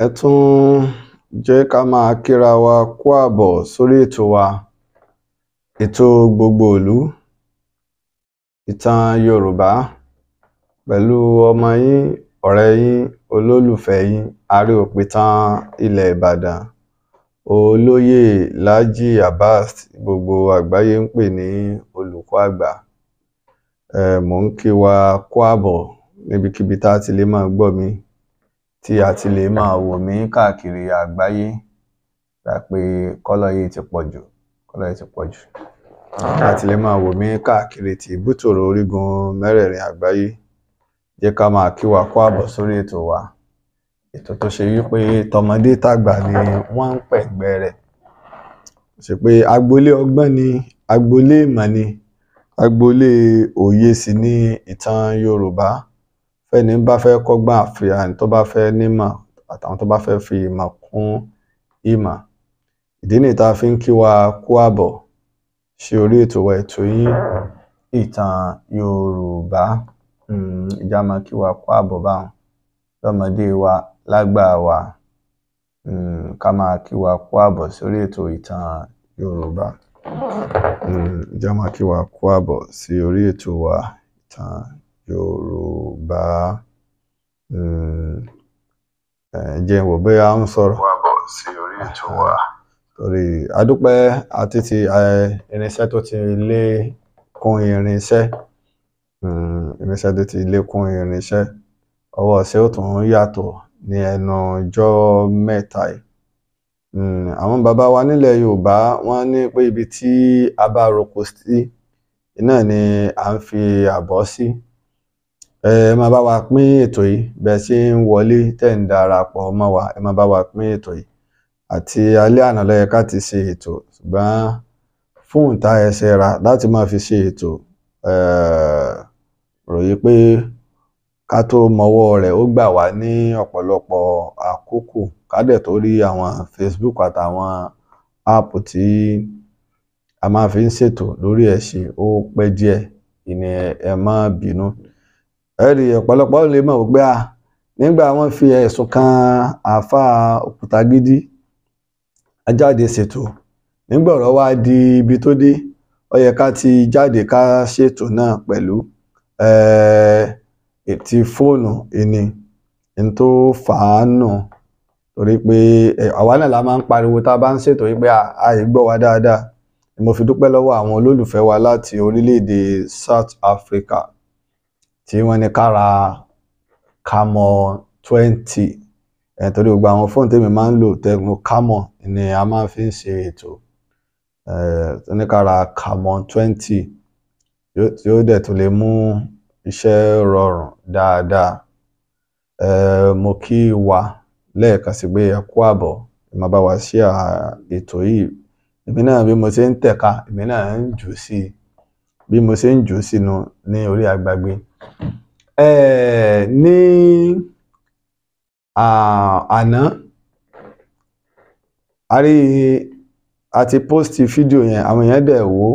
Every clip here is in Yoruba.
ẹ tún jẹ́ ká máa kíra wa kú àbọ̀ sórí ètò wa ètò Gbogboòlù ìtàn Yorùbá pẹ̀lú ọmọ yín ọ̀rẹ́ yín olólùfẹ́ yín àríòpìtàn ilẹ̀ Ìbàdàn olóyè Láàjì Abbas gbogbo àgbáyé ń pè ní olùkọ́ àgbà ẹ mò ń kí wa kú àbọ̀ níbikíbi tá a ti lè máa gbọ́ mi tí a ti lè máa wò mí káàkiri àgbáyé gbà pé kọ́lọ̀ yìí ti pọ̀ jù kọ́lọ̀ yìí ti pọ̀ jù a ti lè máa wò mí káàkiri ti bútòrò orígun mẹ́rẹ̀ẹ̀rin àgbáyé jẹ́ ká máa kí wa kó àbọ̀ sórí ètò wa ètò tó ṣe wípé tọmọdé tàgbà ni wọ́n ń pẹ̀gbẹ́ rẹ̀ ṣe pé agboolé ọgbọ́n ni agboolé ìmọ̀ ni agboolé òye sì ni ìtàn Yorùbá fẹ́ni bá fẹ́ kọ́gbọ́n àfihàn tó bá fẹ́ nímọ̀ àtàwọn tó bá fẹ́ fi ìmọ̀ kún ìmọ̀ ìdí nìyí tá a fi ń kí wa kú àbọ̀ sí orí ètò wa ètò yín ìtàn Yorùbá hmm, ìjà máa kí wa kú àbọ̀ báwọn lọ́mọdé wa lágbà wa hmm, ká máa kí wa kú àbọ̀ sórí ètò ìtàn Yorùbá hmm, ìjà máa kí wa kú àbọ̀ wa yorùbá eh, eh, jẹ́ wò bóyá ń sọ̀rọ̀. wà bọ̀ sí orí ètò wa. torí adúpẹ́ àti ti eh, irinṣẹ́ tó ti lé kún irinṣẹ́ hmm, irinṣẹ́ tó ti lé kún irinṣẹ́ ọwọ́ ṣé ó tún yàtọ̀ ní ẹnu ọjọ́ mẹ́ta yìí hmm, àwọn bàbá wa nílẹ̀ yorùbá wọ́n ní pé ibi tí a bá roko sí náà ni à ń fi àbọ̀ sí. Si ẹ máa bá wa pín ètò yìí bẹ́ẹ̀ ṣe ń wọlé tẹ̀ ń darapọ̀ mọ́ wa ẹ máa bá wa pín ètò yìí àti alẹ́ àná ló yẹ ká ti ṣe ètò ṣùgbọ́n fóònù ta ẹsẹ̀ ra láti máa fi ṣe ètò ròyìn pé ká tó mọwọ́ rẹ̀ ó gbà wá ní ọ̀pọ̀lọpọ̀ àkókò kádẹ̀ tó rí àwọn Facebook àtàwọn app tí a máa fi ń ṣètò lórí ẹ̀ ṣe ó pẹ́ díẹ̀ ìní ẹ̀ má bínú ẹ̀rí ọ̀pọ̀lọpọ̀ lè mọ̀ wípé à nígbà wọ́n fi ẹ̀sùn kan àáfàá Òkútagídí ajáde ṣètò nígbà ọ̀rọ̀ wá di ibi tó dé ó yẹ ká ti jáde ká ṣètò náà pẹ̀lú ti fóònù ìní ní tó fà á nù torí pé àwa náà la máa ń pariwo tá a bá ń ṣètò yìí pé àì gbọ́ wa dáadáa mo fi dúpẹ́ lọ́wọ́ àwọn olólùfẹ́ wa láti orílẹ̀-èdè South Africa tí wọ́n ní kára kámọ́ twenty ẹ̀ torí gbogbo àwọn fóònù tèmi máa ń lò tẹ́gun kámọ́ ni a máa fi ń ṣe ètò ẹ̀ ní kára kámọ́ twenty tí ó dẹ̀ tún lè mú iṣẹ́ rọrùn dáadáa mo kí wa lẹ́ẹ̀kan sí pé ẹ kú àbọ̀ ẹ máa bá wa ṣe ètò yìí èmi náà bí mo ṣe ń tẹ̀ka èmi náà ń jù sí bí mo ṣe ń jù sínú ní orí agbágbé um ní um àná a rí a ti post fídíò yẹn àwọn èèyàn dẹ̀ wò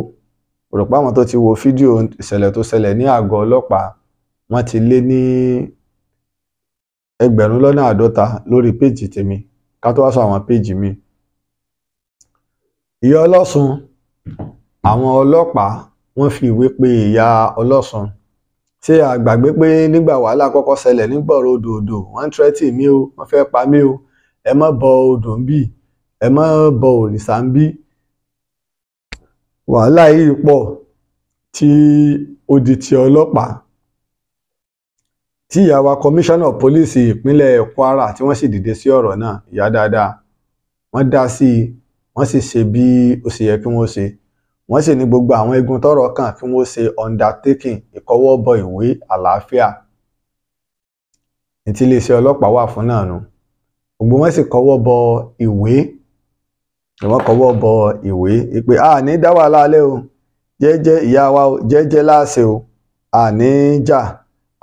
ó rò pé àwọn tó ti wo fídíò ìṣẹ̀lẹ̀ tó ṣẹlẹ̀ ní àgọ́ ọlọ́pàá wọ́n ti lé ní ẹgbẹ̀rún lọ́nà àádọ́ta lórí péjì tèmi ká tó wá sọ àwọn péjì mi ìyá ọlọ́sùn àwọn ọlọ́pàá wọ́n fi ìwé pe ìyá ọlọ́sùn ṣé a gbàgbé pé nígbà wàhálà kọkọ ṣẹlẹ nìgbọrọ odò odò wọn ń tírẹtì mí o wọn fẹẹ pa mí o ẹ mọ bọ odò ń bì ẹ mọ bọ òrìṣà ń bì wàhálà yìí pọ̀ tí ó di ti ọlọ́pàá tí ìyá wa kọmíṣánná pólíìsì ìpínlẹ̀ Kwara tí wọ́n sì dìde sí ọ̀rọ̀ náà ìyá dáadáa wọ́n dá sí i wọ́n sì ṣe bí ó ṣe yẹ kí wọ́n ṣe wọ́n sì ní gbogbo àwọn igun tọrọ kàn kí wọ́n ṣe undertaking ìkọwọ́bọ ìwé àlàáfíà ní tiléeṣẹ́ ọlọ́pàá wà fún náà nu gbogbo wọn sì kọwọ́ bọ ìwé wọ́n kọwọ́ bọ ìwé pé a ní dá wàhálà alẹ́ o jẹ́jẹ́ ìyá wa o jẹ́jẹ́ láàṣẹ o a ní jà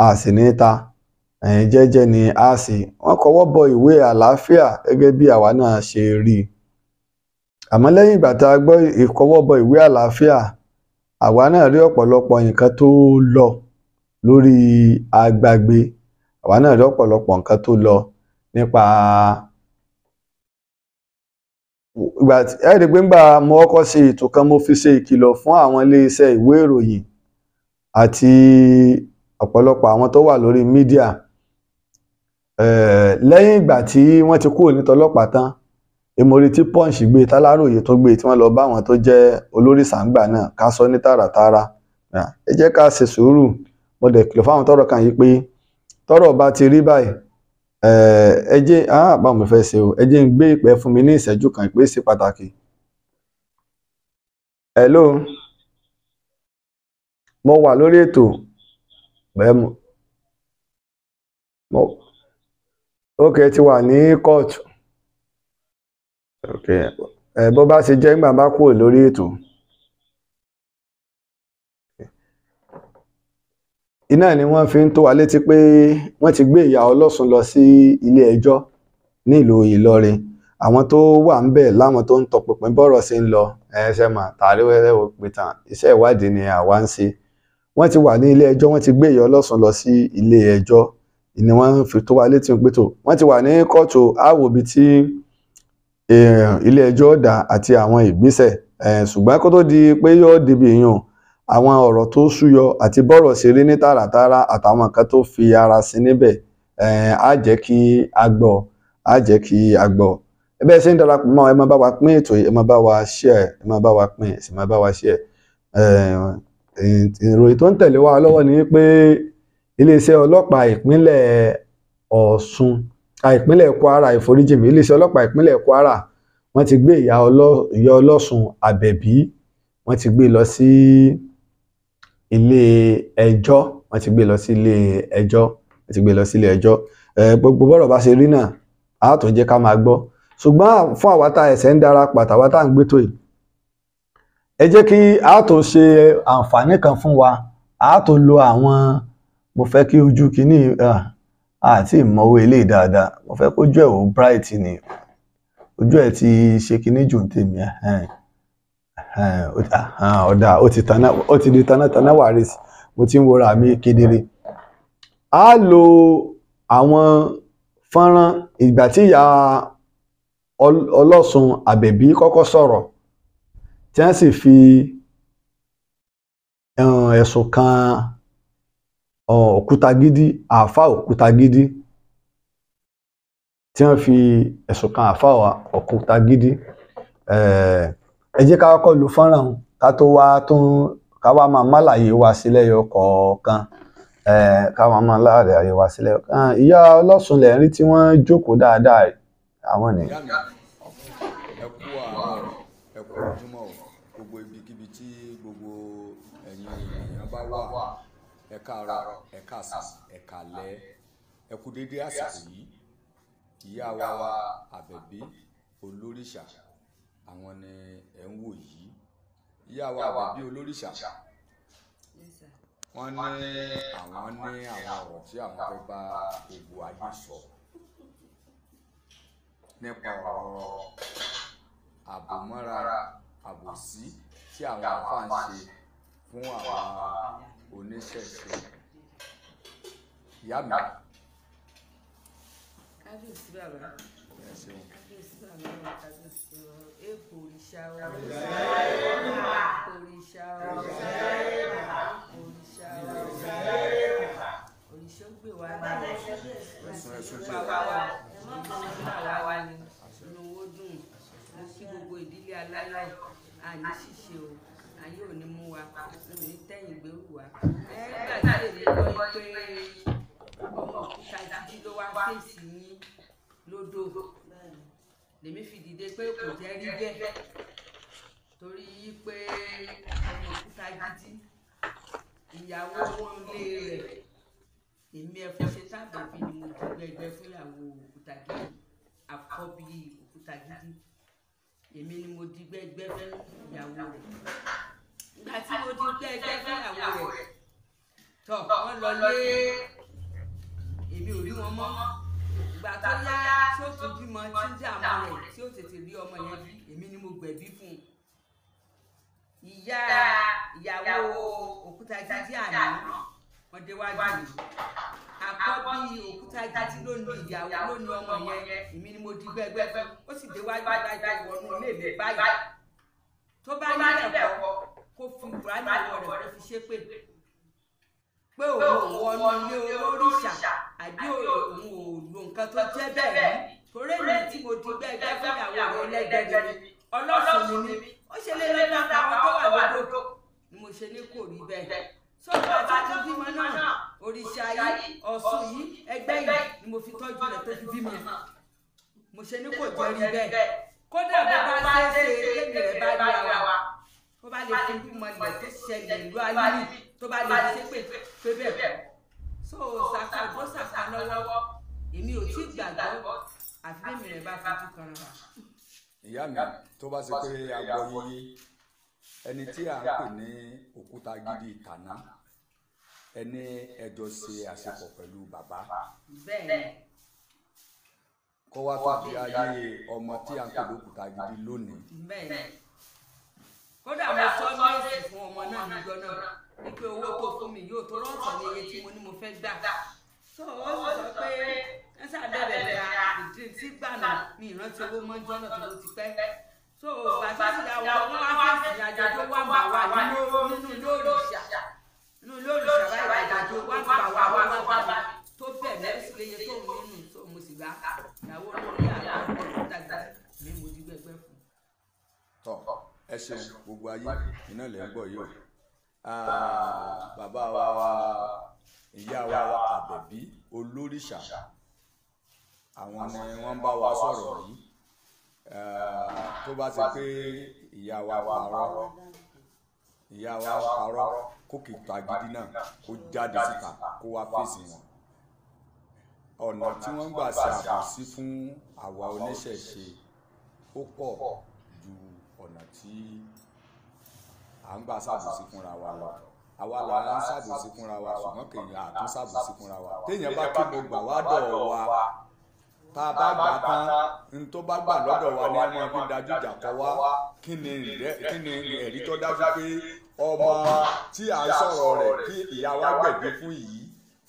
a sì ní ta jẹ́jẹ́ ni a sì wọ́n kọwọ́ bọ ìwé àlàáfíà gẹ́gẹ́ bí àwa náà ṣe rí i. àmọ́ lẹ́yìn ìgbà tá a gbọ́ ìkọwọ́bọ ìwé àlàáfíà àwa náà rí ọ̀pọ̀lọpọ̀ nǹkan tó lọ lórí agbágbé àwa náà rí ọ̀pọ̀lọpọ̀ nǹkan tó lọ nípa ìgbà ẹ rí pé ńgbà mo kọ́kọ́ ṣe ètò kan mo fi ṣe ìkìlọ̀ fún àwọn iléeṣẹ́ ìwé ìròyìn àti ọ̀pọ̀lọpọ̀ àwọn tó wà lórí mídíà lẹ́yìn ìgbà tí wọ́n ti kúrò ní tọlọ́pàá tán èmọ̀rí tí punch gbé táláròyé tó gbé tí wọ́n lọ bá àwọn tó jẹ́ olórìṣà ńgbà náà ká sọ ní tààràtààrà ẹ jẹ́ ká ṣe sùúrù mo dẹ̀ kìlọ̀ fáwọn tọ́rọ̀ kan yìí pé tọ́rọ̀ bá ti rí báyìí ẹ jẹ́ àbá mo fẹ́ ṣe o ẹ jẹ́ ń gbé ìpè fún mi ní ìṣẹ́jú kan ìpè ṣe pàtàkì. hello mo wà lórí ètò bẹ́ẹ̀ mo ok ti wà ní kóòtù ẹ bó bá ṣe jẹ́ nígbà bá kúrò lórí ètò iná ni wọ́n fi ń tó wa létí pé wọ́n ti gbé ìyá ọlọ́sùn lọ sí ilé ẹjọ́ nílùú Ìlọrin àwọn tó wà ń bẹ̀ láwọn tó ń tọpinpin bọ́rọ̀ sí ń lọ ẹsẹ̀ mà tààrí wẹ́rẹ́ wò pé tán iṣẹ́ ìwádìí ni àwa ń ṣe wọ́n ti wà ní ilé ẹjọ́ wọ́n ti gbé ìyá ọlọ́sùn lọ sí ilé ẹjọ́ ni wọ́n fi tó wa létí pé tó wọ́n ti wà ní kóòtù àwòbí tí ilé-ẹjọ́ dá àti àwọn ìgbésẹ̀ ṣùgbọ́n kó tó di pé yóò débi ìyẹn àwọn ọ̀rọ̀ tó súyọ àti bọ́rọ̀ ṣe rí ní tààràtààrà àtàwọn nǹkan tó fi ara sí níbẹ̀ á jẹ́ kí a gbọ́ á jẹ́ kí a gbọ́ bẹ́ẹ̀ ṣe ń darapọ̀ mọ́ ẹ máa bá wa pín ètò yìí ẹ máa bá wa share ẹ máa bá wa pín ẹ sì máa bá wa share ìròyìn tó ń tẹ̀lé wa lọ́wọ́ ni pé iléeṣẹ́ ọlọ́pàá ìpínlẹ̀ Ọ̀ṣun ìpínlẹ̀ kwara ìforíjì mi iléeṣẹ́ ọlọ́pàá ìpínlẹ̀ kwara wọ́n ti gbé ìyá ọlọ́sùn àbẹ̀bí wọ́n ti gbé lọ sí ilé ẹjọ́ wọ́n ti gbé lọ sí ilé ẹjọ́ wọ́n ti gbé lọ sí ilé ẹjọ́ gbogbo bọ́rọ̀ bá ṣe rí náà a tó jẹ́ ká máa gbọ́ ṣùgbọ́n fún àwa tá ń dára pàtàwá tá ń gbé tó yìí ẹ jẹ́ kí a tó ṣe àǹfààní kan fún wa a tó lo àwọn mo fẹ́ kí ojú kìíní àti ìmọ̀wé ilé dáadáa mo fẹ́ kójú ẹ̀ wò bright ni ojú ẹ̀ ti ṣe kinní jù ń tèmi ọ̀dà ó ti di tanátaná wàris mo ti ń wora mi kedere a lo àwọn fọ́nrán ìgbà tí ìyá ọlọ́sùn àbẹ̀bí kọ́kọ́ sọ̀rọ̀ tí wọ́n sì fi ẹ̀sùn kan òkúta gidi àáfàá òkúta gidi tí wọ́n fi ẹ̀sùn kan àáfàá òkúta gidi ẹ jẹ́ ká kọ́kọ́ lu fọ́nrán ọ̀hún ká tó wá tún ká wá máa málàyé wa sílẹ̀ yọ kọ̀ọ̀kan ká máa máa málàyé wa sílẹ̀ yọ ìyá ọlọ́sùn lẹ́rìí tí wọ́n jókòó dáadáa àwọn nìyẹn ẹ káàárọ̀ ẹ káàsán ẹ káalẹ́ ẹ kú déédéé àsìkò yìí ìyá wa àbẹ̀bí olóríṣà àwọn ni ẹ ń wò yìí ìyá wa àbẹ̀bí olóríṣà wọ́n ní àwọn ní àwọn ọ̀rọ̀ tí àwọn fẹ́ bá gbogbo ayé sọ nípa ọ̀rọ̀ àbòmọ́ra àbòsí tí àwọn àfa fún àwọn oníṣẹ̀ṣe ìyá mi. kábíyèsí bàbá kábíyèsí bàbá kábíyèsí èkó òrìṣà wa òrìṣà wa òrìṣà wa òrìṣà gbé wa ní ìpa wa wa ìpa wa wa ni ìrànwọ́ dùn mo kí gbogbo ìdílé aláyọ̀ àní ṣíṣe o ayé ò ní mú wa n ní tẹ̀yìn gbèrú wa ẹ gbàgbé mi lọ pé ọmọ òkúta jíjí ló wá fèsì yín lódò lèmi fi dìde pé kò jẹ́ rí bẹ́ẹ̀ torí pé ọmọ òkúta jíjí ìyàwó wọn lé rẹ̀ èmi ẹ̀fọ́ ṣe sábà fi ni mo ti gbẹgbẹ fún ìyàwó òkúta gidi àkọ́bí òkúta gidi èmi ni mo di gbẹgbẹ fún ìyàwó rẹ̀ ìgbà tí mo di pé ẹgbẹ́ fẹ́yàwó rẹ̀ tọ̀ wọ́n lọ lé èmi ò rí wọn mọ́ ìgbà tó yá tí ó tún bímọ tí ń jà mọ́ rẹ̀ tí ó tètè rí ọmọ yẹn bí èmi ni mo gbẹ̀bí fún un ìyá ìyàwó òkúta jíjí àná wọn déwájú mi àkọ́bí òkúta jíjí lónìí ìyàwó lónìí ọmọ yẹn èmi ni mo di gbẹgbẹ fún ó sì déwájú báyìí wọnú ilé mi báyìí tó bá nílẹ̀ kọ́ kó fi kùránì ọwọ́ rẹ̀ fi ṣépè pé òun wọnú ilé olóríṣà àbí òun ò lo nǹkan tó jẹ́ bẹ́ẹ̀ ni torí èmi tí mo di gbẹ́gbẹ́ fún ìyàwó rẹ̀ lẹ́gbẹ̀ẹ́ mi ọlọ́sùn mi ni ó ṣe lé lẹ́nu àtàwọn tó wà lódò ni mo ṣe ní kò rí bẹ́ẹ̀ tó bá bá tó bímọ náà òrìṣà yìí ọ̀sùn yìí ẹgbẹ́ yìí ni mo fi tọ́jú rẹ̀ tó fi bímọ mo ṣe ní kò jẹ́ rí bẹ́ẹ̀ kódà bó bá ṣe é ṣe é kéde bá rí ara tó bá lè fojú mọlẹ̀ tó ṣẹlẹ̀ ìlú ayé tó bá lè ṣépè pé bẹ́ẹ̀ so ṣàkóso ṣàkánná lọ́wọ́ èmi ò tí gbàgbọ́ àfi bẹ́ẹ̀ rẹ̀ bá fojú kan rà. ìyá mi tó bá ṣe pé agbọ yíyí ẹni tí à ń pè ní òkúta gidi ìtànà ẹni ẹjọ ṣe àṣepọ̀ pẹ̀lú bàbá. bẹ́ẹ̀ kọ́ wa tó di ayé ọmọ tí à ń pè lókúta gidi lónìí kódà mo sọ ní èsì fún ọmọ náà níjọ náà wípé owó tó fún mi yóò tó lọ́sọ̀ ní iye tí mo ní mo fẹ́ gbà so ó sọ pé ń ṣàbẹ̀rẹ̀ ra ìdí tí gbà náà ìrántí owó mọ́ níjọ tó ti pẹ́ so bàtà ìyàwó wọn wá fèsì àjàjò wà bá wà nínú lóòrìṣà nínú lóòrìṣà báyìí àjàjò wà bá wà wà bá wà tó bẹ̀rẹ̀ ó sì léye tó mú nínú tó mo sì gbà ìyàwó olórí àgbà ọ̀dọ́dàgbà ẹ ṣeun gbogbo ayé iná lẹ ń gbọ́ yìí o ah, bàbá wa wa ìyá wa àbẹ̀bí olóríṣà àwọn ni wọ́n bá wa sọ̀rọ̀ yìí eh, tó bá ti pé ìyá wa pààrọ̀ ìyá wa pààrọ̀ kókè tagidi náà kó jáde síta kó wá fèsì wọn ọ̀nà tí wọ́n gbà ṣe àbòsí fún àwa oníṣẹ̀ṣe ó pọ̀ ọ̀nà tí à ń gbà ṣàbòsí fúnra wa lọ àwa là ń ṣàbòsí fúnra wa ṣùgbọ́n kèèyàn àtún ṣàbòsí wa téèyàn bá kí mo wa tá a bá gbà tán n tó bá gbà lọ́dọ̀ wa ní ẹ̀wọ̀n fi dájú ìjà ni ẹ̀rí tó dájú pé ọmọ tí a sọ̀rọ̀ rẹ̀ kí ìyá wa fún yìí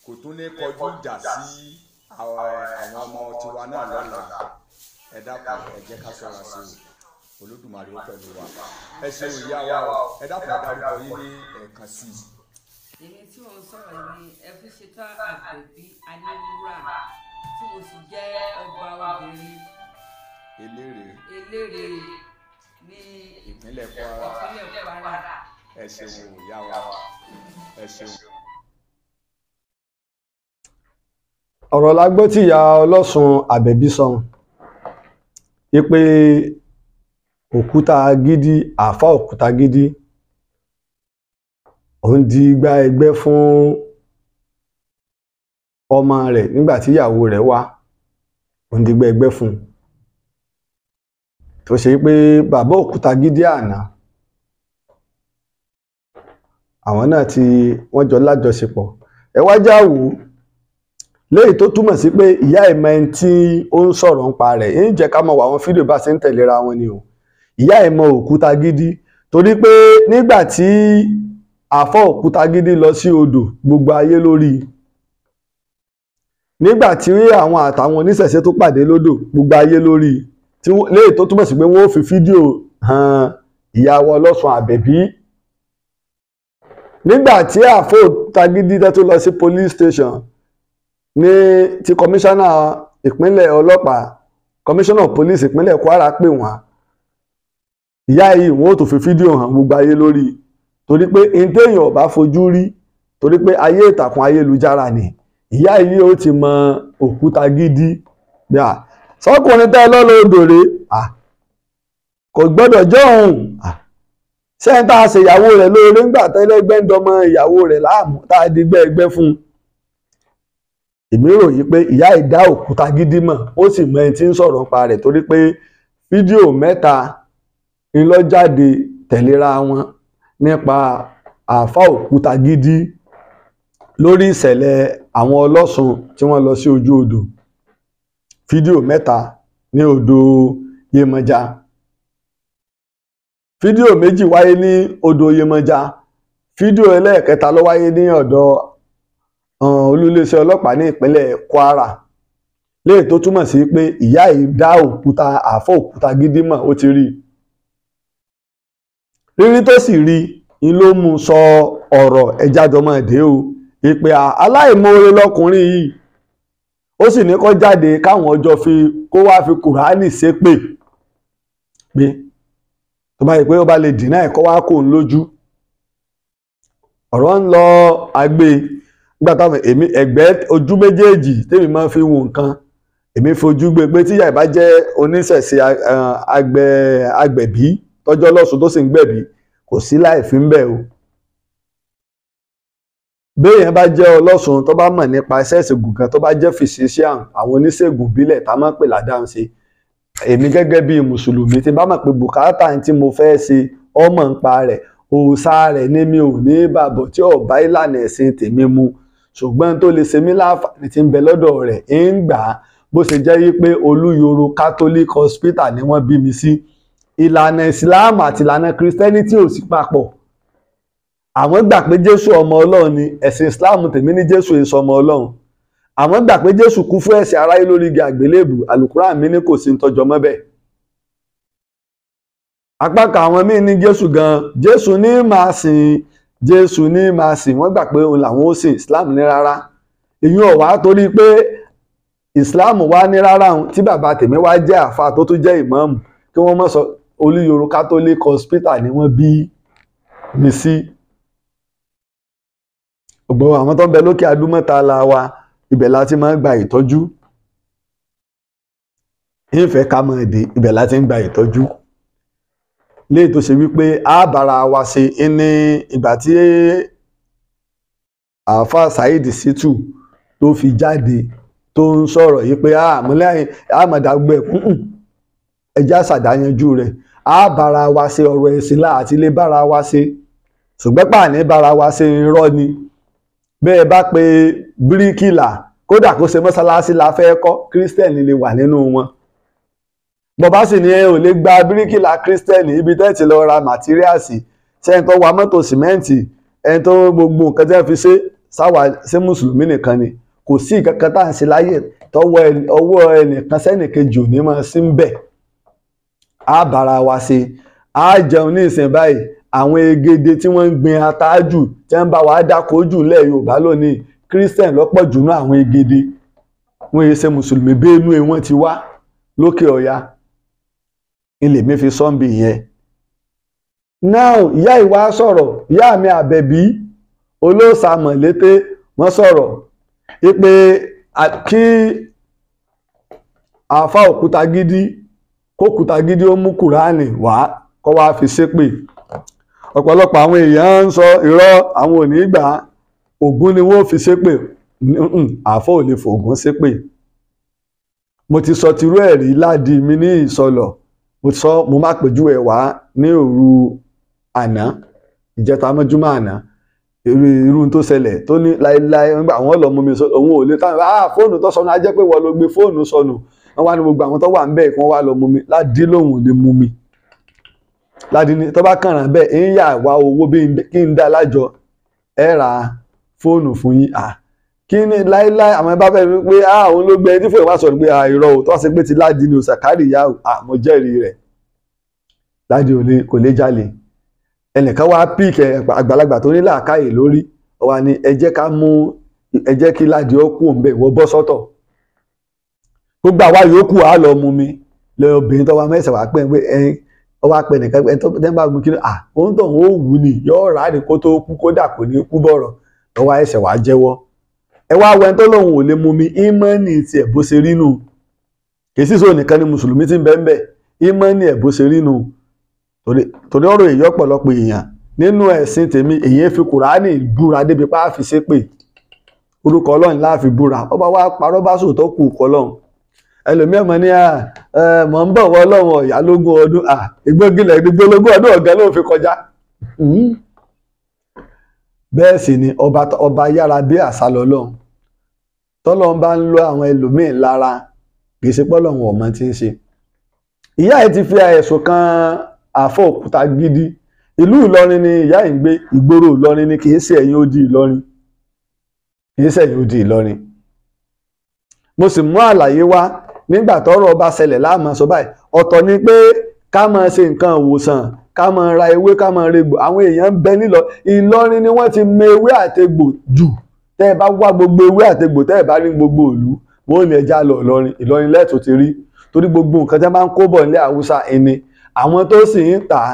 kò tún ní kọjú ìjà sí àwọn ọmọ tiwa náà lọ́la olódùmarè ó pẹ̀lú wa ẹ ṣe òye àwa ẹ dákun ẹ dárúkọ yín ní ẹ̀ẹ̀kan sí i. èmi tí mo ń sọ̀rọ̀ ni ẹ̀fúnṣetán àgbẹ̀bí aníwúrà tí mo sì jẹ́ ọba obìnrin. eléré eléré ní ìpínlẹ̀ Kwara ìpínlẹ̀ Kwara ẹ ṣeun ìyá wa ẹ ṣeun. ọ̀rọ̀ la gbọ́ tí ìyá ọlọ́sùn àbẹ̀bí sọ pé òkúta gidi àáfà òkúta gidi òun di igba ẹgbẹ fún ọmọ rẹ nígbà tí ìyàwó rẹ wá òun di igba ẹgbẹ fún un tó ṣe pé bàbá òkúta gidi àná àwọn náà tí wọ́n jọ lájọṣepọ̀ ẹ wá já wò ó léyìí tó túmọ̀ sí pé ìyá ìmọ̀ ó ń sọ̀rọ̀ ń pa rẹ̀ ń jẹ́ ká mọ̀ wá àwọn fídíò bá ṣe ń tẹ̀léra wọn ni o ìyá ẹ̀ mọ òkúta gidi torí pé nígbà tí àfọ́ òkúta gidi lọ sí odò gbogbo ayé lórí nígbà tí àwọn àtàwọn oníṣẹ̀ṣe tó pàdé lódò gbogbo ayé lórí tí léè tó túmọ̀ sí pé wọ́n ó fi fídíò hàn ìyá wa Ọlọ́sùn Àbẹ̀bí nígbà tí àfọ́ òkúta gidi tó lọ sí police station ní ti kọmíṣánná ìpínlẹ̀ ọlọ́pàá kọmíṣánná police ìpínlẹ̀ Kwara pè wọ́n ìyá yìí wọn ò tó fi fídíò hàn gbogbo ayé lórí torí pé n téèyàn ò bá fojú rí torí pé ayé ìtàkùn ayélujára ni ìyá yìí ó ti mọ òkúta gidi bí a sọkùnrin tẹ lọ́lọ́ òdòrè kò gbọ́dọ̀ jọ òun sẹ́ńtà àṣeyàwó rẹ̀ lóore ńgbà tẹ́lẹ́gbẹ́ ń dọmọ ìyàwó rẹ̀ láàmú tá a di gbẹ́gbẹ́ fún un èmi ròyìn pé ìyá ìdá òkúta gidi mọ̀ ó sì mọ ẹni tí ń sọ̀rọ̀ pa rẹ̀ torí pé fídíò mẹ́ta ńlọ́jáde tẹ̀léra wọn nípa àáfà Òkútagídí lórí ìṣẹ̀lẹ̀ àwọn ọlọ́sùn tí wọ́n lọ sí ojú odò fídíò mẹ́ta ní odò Yemọja fídíò méjì wáyé ní odò Yemọja fídíò ẹlẹ́ẹ̀kẹta ló wáyé ní ọ̀dọ̀ olúléeṣẹ́ ọlọ́pàá ní ìpínlẹ̀ Kwara léè tó túmọ̀ sí pé ìyá yìí dá òkúta àáfà Òkútagídí mọ̀ ó ti rí i rírí tó sì rí i ló mú sọ ọ̀rọ̀ ẹja jọmọ èdè o ìpè aláìmoore lọkùnrin yìí ó sì ní kó jáde káwọn ọjọ́ fi kó wá fi kùránì ṣépè pé tó bá yẹ pé ó bá lè dìnnà ẹ̀kọ́ wá kò ń lójú ọ̀rọ̀ ń lọ agbé nígbà táwọn èmi ẹ̀gbẹ́ ojú méjèèjì tèmi máa fi wo nǹkan èmi fojú gbé pé tíyà ìbá jẹ́ oníṣẹ̀ṣe àgbẹ̀ àgbẹ̀bí tọ́jọ́ lọ́sùn tó sì ń gbẹ̀bí kò sí láì fi ń bẹ̀ o béèyàn bá jẹ́ ọlọ́sùn tó bá mọ̀ nípa iṣẹ́ ìṣègùn kan tó bá jẹ́ physician àwọn oníṣègùn bílẹ̀ tá máa ń pè ládàáńṣe èmi gẹ́gẹ́ bíi mùsùlùmí tí bá mọ̀ pé bùkátà tí mo fẹ́ ṣe ọmọ ń pa rẹ̀ òòṣà rẹ̀ ní mi ò ní bàbọ̀ tí ò bá ìlànà ẹ̀sìn tèmi mu ṣùgbọ́n tó lè ṣe mí láǹfààní tí ń bẹ lọ́dọ̀ rẹ̀ ń gbà bó ṣe jẹ́ wípé olúyoro catholic hospital ni wọ́n bí mi sí si ìlànà ìsìláàmù àti ìlànà kìrìsìtẹ́nìtì ò sí papọ̀ àwọn gbà pé jésù ọmọ ọlọ́run ni ẹ̀sìn ìsìláàmù tèmi ní jésù èso ọmọ ọlọ́run àwọn gbà pé jésù kú fún ẹ̀ṣẹ̀ aráyé lórí igi àgbélébù àlùkùrá mi ní kò sí ń tọjọ mọ́ bẹ́ẹ̀ apá kan àwọn míín ní jésù gan jésù ní máa sìn jésù ní máa sìn wọ́n gbà pé òun làwọn ó sìn ìsìláàmù ní rárá èyí ò wá torí pé ìsìláàmù wá ní rárá òun tí bàbá tèmi wá jẹ́ àfa tó tún jẹ́ ìmáàmù kí wọ́n mọ̀ sọ olúyọ̀rọ̀ catholic hospital ni wọ́n bí mi sí gbogbo àwọn tó ń bẹ lókè adúmọ̀ta la wa ibẹ̀ la ti máa ń gba ìtọ́jú ìfẹ́ ká mọ̀ èdè ibẹ̀ la ti ń gba ìtọ́jú léè tó ṣe wípé a bára wa ṣe ní ìgbà tí àáfà Saheed Shittu tó fi jáde tó ń sọ̀rọ̀ yìí pé àmúlẹ̀ àmọ̀dàgbẹ̀ ẹ̀já ṣàdáyanjú rẹ̀ a bára wa ṣe ọ̀rọ̀ ẹ̀sìn la àti lè bára wa ṣe ṣùgbọ́n pàní bára wa ṣe irọ́ ni bẹ́ẹ̀ bá pe bíríkìlà kódà kó ṣe mọ́ṣáláṣí la fẹ́ kọ́ kírísítẹ̀nì lè wà nínú wọn bọ́bá sì ni ẹ ò lè gba bíríkìlà kírísítẹ̀nì ibi tẹ́ẹ̀tì lọ ra màtíríàsì ṣẹ́ni tó wa mọ́tò sìmẹ́ǹtì ẹni tó gbogbo nǹkan tẹ́ fi ṣe sáwà ṣé mùsùlùmí nìkan ni kò sí ìkankan tá à ń ṣe láyè tọwọ́ ẹnìkan sẹ́nìkejì ò máa sí ń bẹ̀ A bára wa ṣe á jẹun ní ìsìn báyìí àwọn egede tí wọ́n ń gbin atájù tí wọ́n ń bá wa dáko jù lẹ̀ Yorùbá lónìí Christian lọ́pọ̀ jù nú àwọn egede wọ́n yẹ ṣe mùsùlùmí Benue wọ́n ti wá lókè ọ̀yà ilé mi fi sọ́ǹbì yẹn now ìyá ìwà sọ̀rọ̀ ìyá mi àbẹ̀bí olóòsàmọ̀lété wọ́n sọ̀rọ̀ pé kí àfa òkúta gidi kókùtà gidi ó mú kùránì wá kó wá fi ṣépè ọ̀pọ̀lọpọ̀ àwọn èèyàn ń sọ irọ́ àwọn òní gbà ògún ni wọ́n fi ṣépè àfọ́ ò lè fògún ṣépè mo ti sọ tirú ẹ̀ rí ládi mi ní ìsọlọ̀ mo sọ mo má pèjú ẹ̀ wá ní òru àná ìjẹta mọ́júmọ́ àná irú tó ṣẹlẹ̀ tó ní láéláé nígbà àwọn ọlọ́mọ mi sọ òun ò lè táwọn ah tó sọnù á pé wọ́n ló gbé fóònù sọnù wọ́n wá ní gbogbo àwọn tó wà ń bẹ̀ kí wọ́n wá lọ mú mi ládé lòun ò lè mú mi ládé ní tó bá kàrà bẹ́ẹ̀ ń yà wá owó kí n dá lájọ ẹ ra fóònù fún yín à kí ni láíláí àwọn ẹ bá fẹ́ pé ah òun ló gbé ẹni tí fòyìn wá sọ pé ah irọ́ o tó wá sí pé ti ládé ni òsàkárì ìyá àmọ́ jẹ́rìí rẹ̀ ládé kò lè jalè ẹnìkan wá píìkì àgbàlagbà tó ní lórí ó wá ẹ jẹ́ ká mú ẹ jẹ́ kí ládé ó kú òun bẹ́ẹ̀ wọ́ bọ́ sọ́tọ̀ gbogbo àwa yòókù á lọ mú mi lẹ́yìn obìnrin tó wá mẹ́sàn wá pẹ́ pé ẹyin ọwọ́ apẹ nìkan pé ẹtọ́ tẹ́ ń bá mú kí ni à òun tó ń wù ní yọ̀ọ́ rà á ní kó tó kú kódà kò ní kú bọ̀rọ̀ lọ́wọ́ ẹ̀sẹ̀ wá jẹ́wọ́ ẹ wá wẹ́n tó lòun ò lè mú mi ìmọ̀ọ́nì tiẹ̀ bó ṣe rí nù kìí sísọ nìkan ni mùsùlùmí ti ń bẹ́ẹ̀ bẹ́ẹ̀ ìmọ̀ọ́nì ẹ̀ bó ṣe rí nù torí ọ̀rọ̀ èyí ọ̀pọ̀lọpọ̀ èèyàn nínú ẹ̀sìn tèmi èyí fi kùránì búra débi pa á fi ṣépè orúkọ ọlọ́run láàfin búra ọba wa parọ́ bá sòótọ́ kù kọlọ́run ẹlòmíà mọ̀ ní mọ̀ ń bọ̀ wọ ọlọ́run ọ̀yà lógún ọdún ìgbógilẹ̀ ìgbólógún ọdún ọ̀gá ló fi kọjá. Hmm. bẹ́ẹ̀ sì ni ọba yára bí àṣà lọ́lọ́run tọ́lọ́run bá ń lo àwọn ẹlòmíì lára kì í ṣe pọ́lọ́run ọ̀mọ tí ń ṣe. ìyá ẹ̀ ti fi ẹ̀sùn kan àfọ òkúta gidi ìlú ìlọrin ni ìyá ẹ̀ ń gbé ìgboro ìlọrin ni kì í ṣe ẹ̀yìn odi ìlọrin kì í ṣe odi ìlọrin mo sì mú àlàyé wá nígbà tọ́rọ̀ bá ṣẹlẹ̀ láàmú sọ báyìí ọ̀tọ̀ ni pé ká máa ṣe nǹkan ìwòsàn ká máa ra ewé ká máa regbò àwọn èèyàn ń bẹ nílọ Ìlọrin ni wọ́n ti mọ ewé àtegbò jù tẹ́ ẹ bá wá gbogbo ewé àtegbò tẹ́ ẹ bá rí gbogbo ìlú wọn ò ní ẹja lọ Ìlọrin Ìlọrin lẹ́tọ̀ọ́ ti rí torí gbogbo nǹkan tẹ́ máa ń kó bọ̀ nílẹ̀ Haúsá ẹni àwọn tó sì ń tà á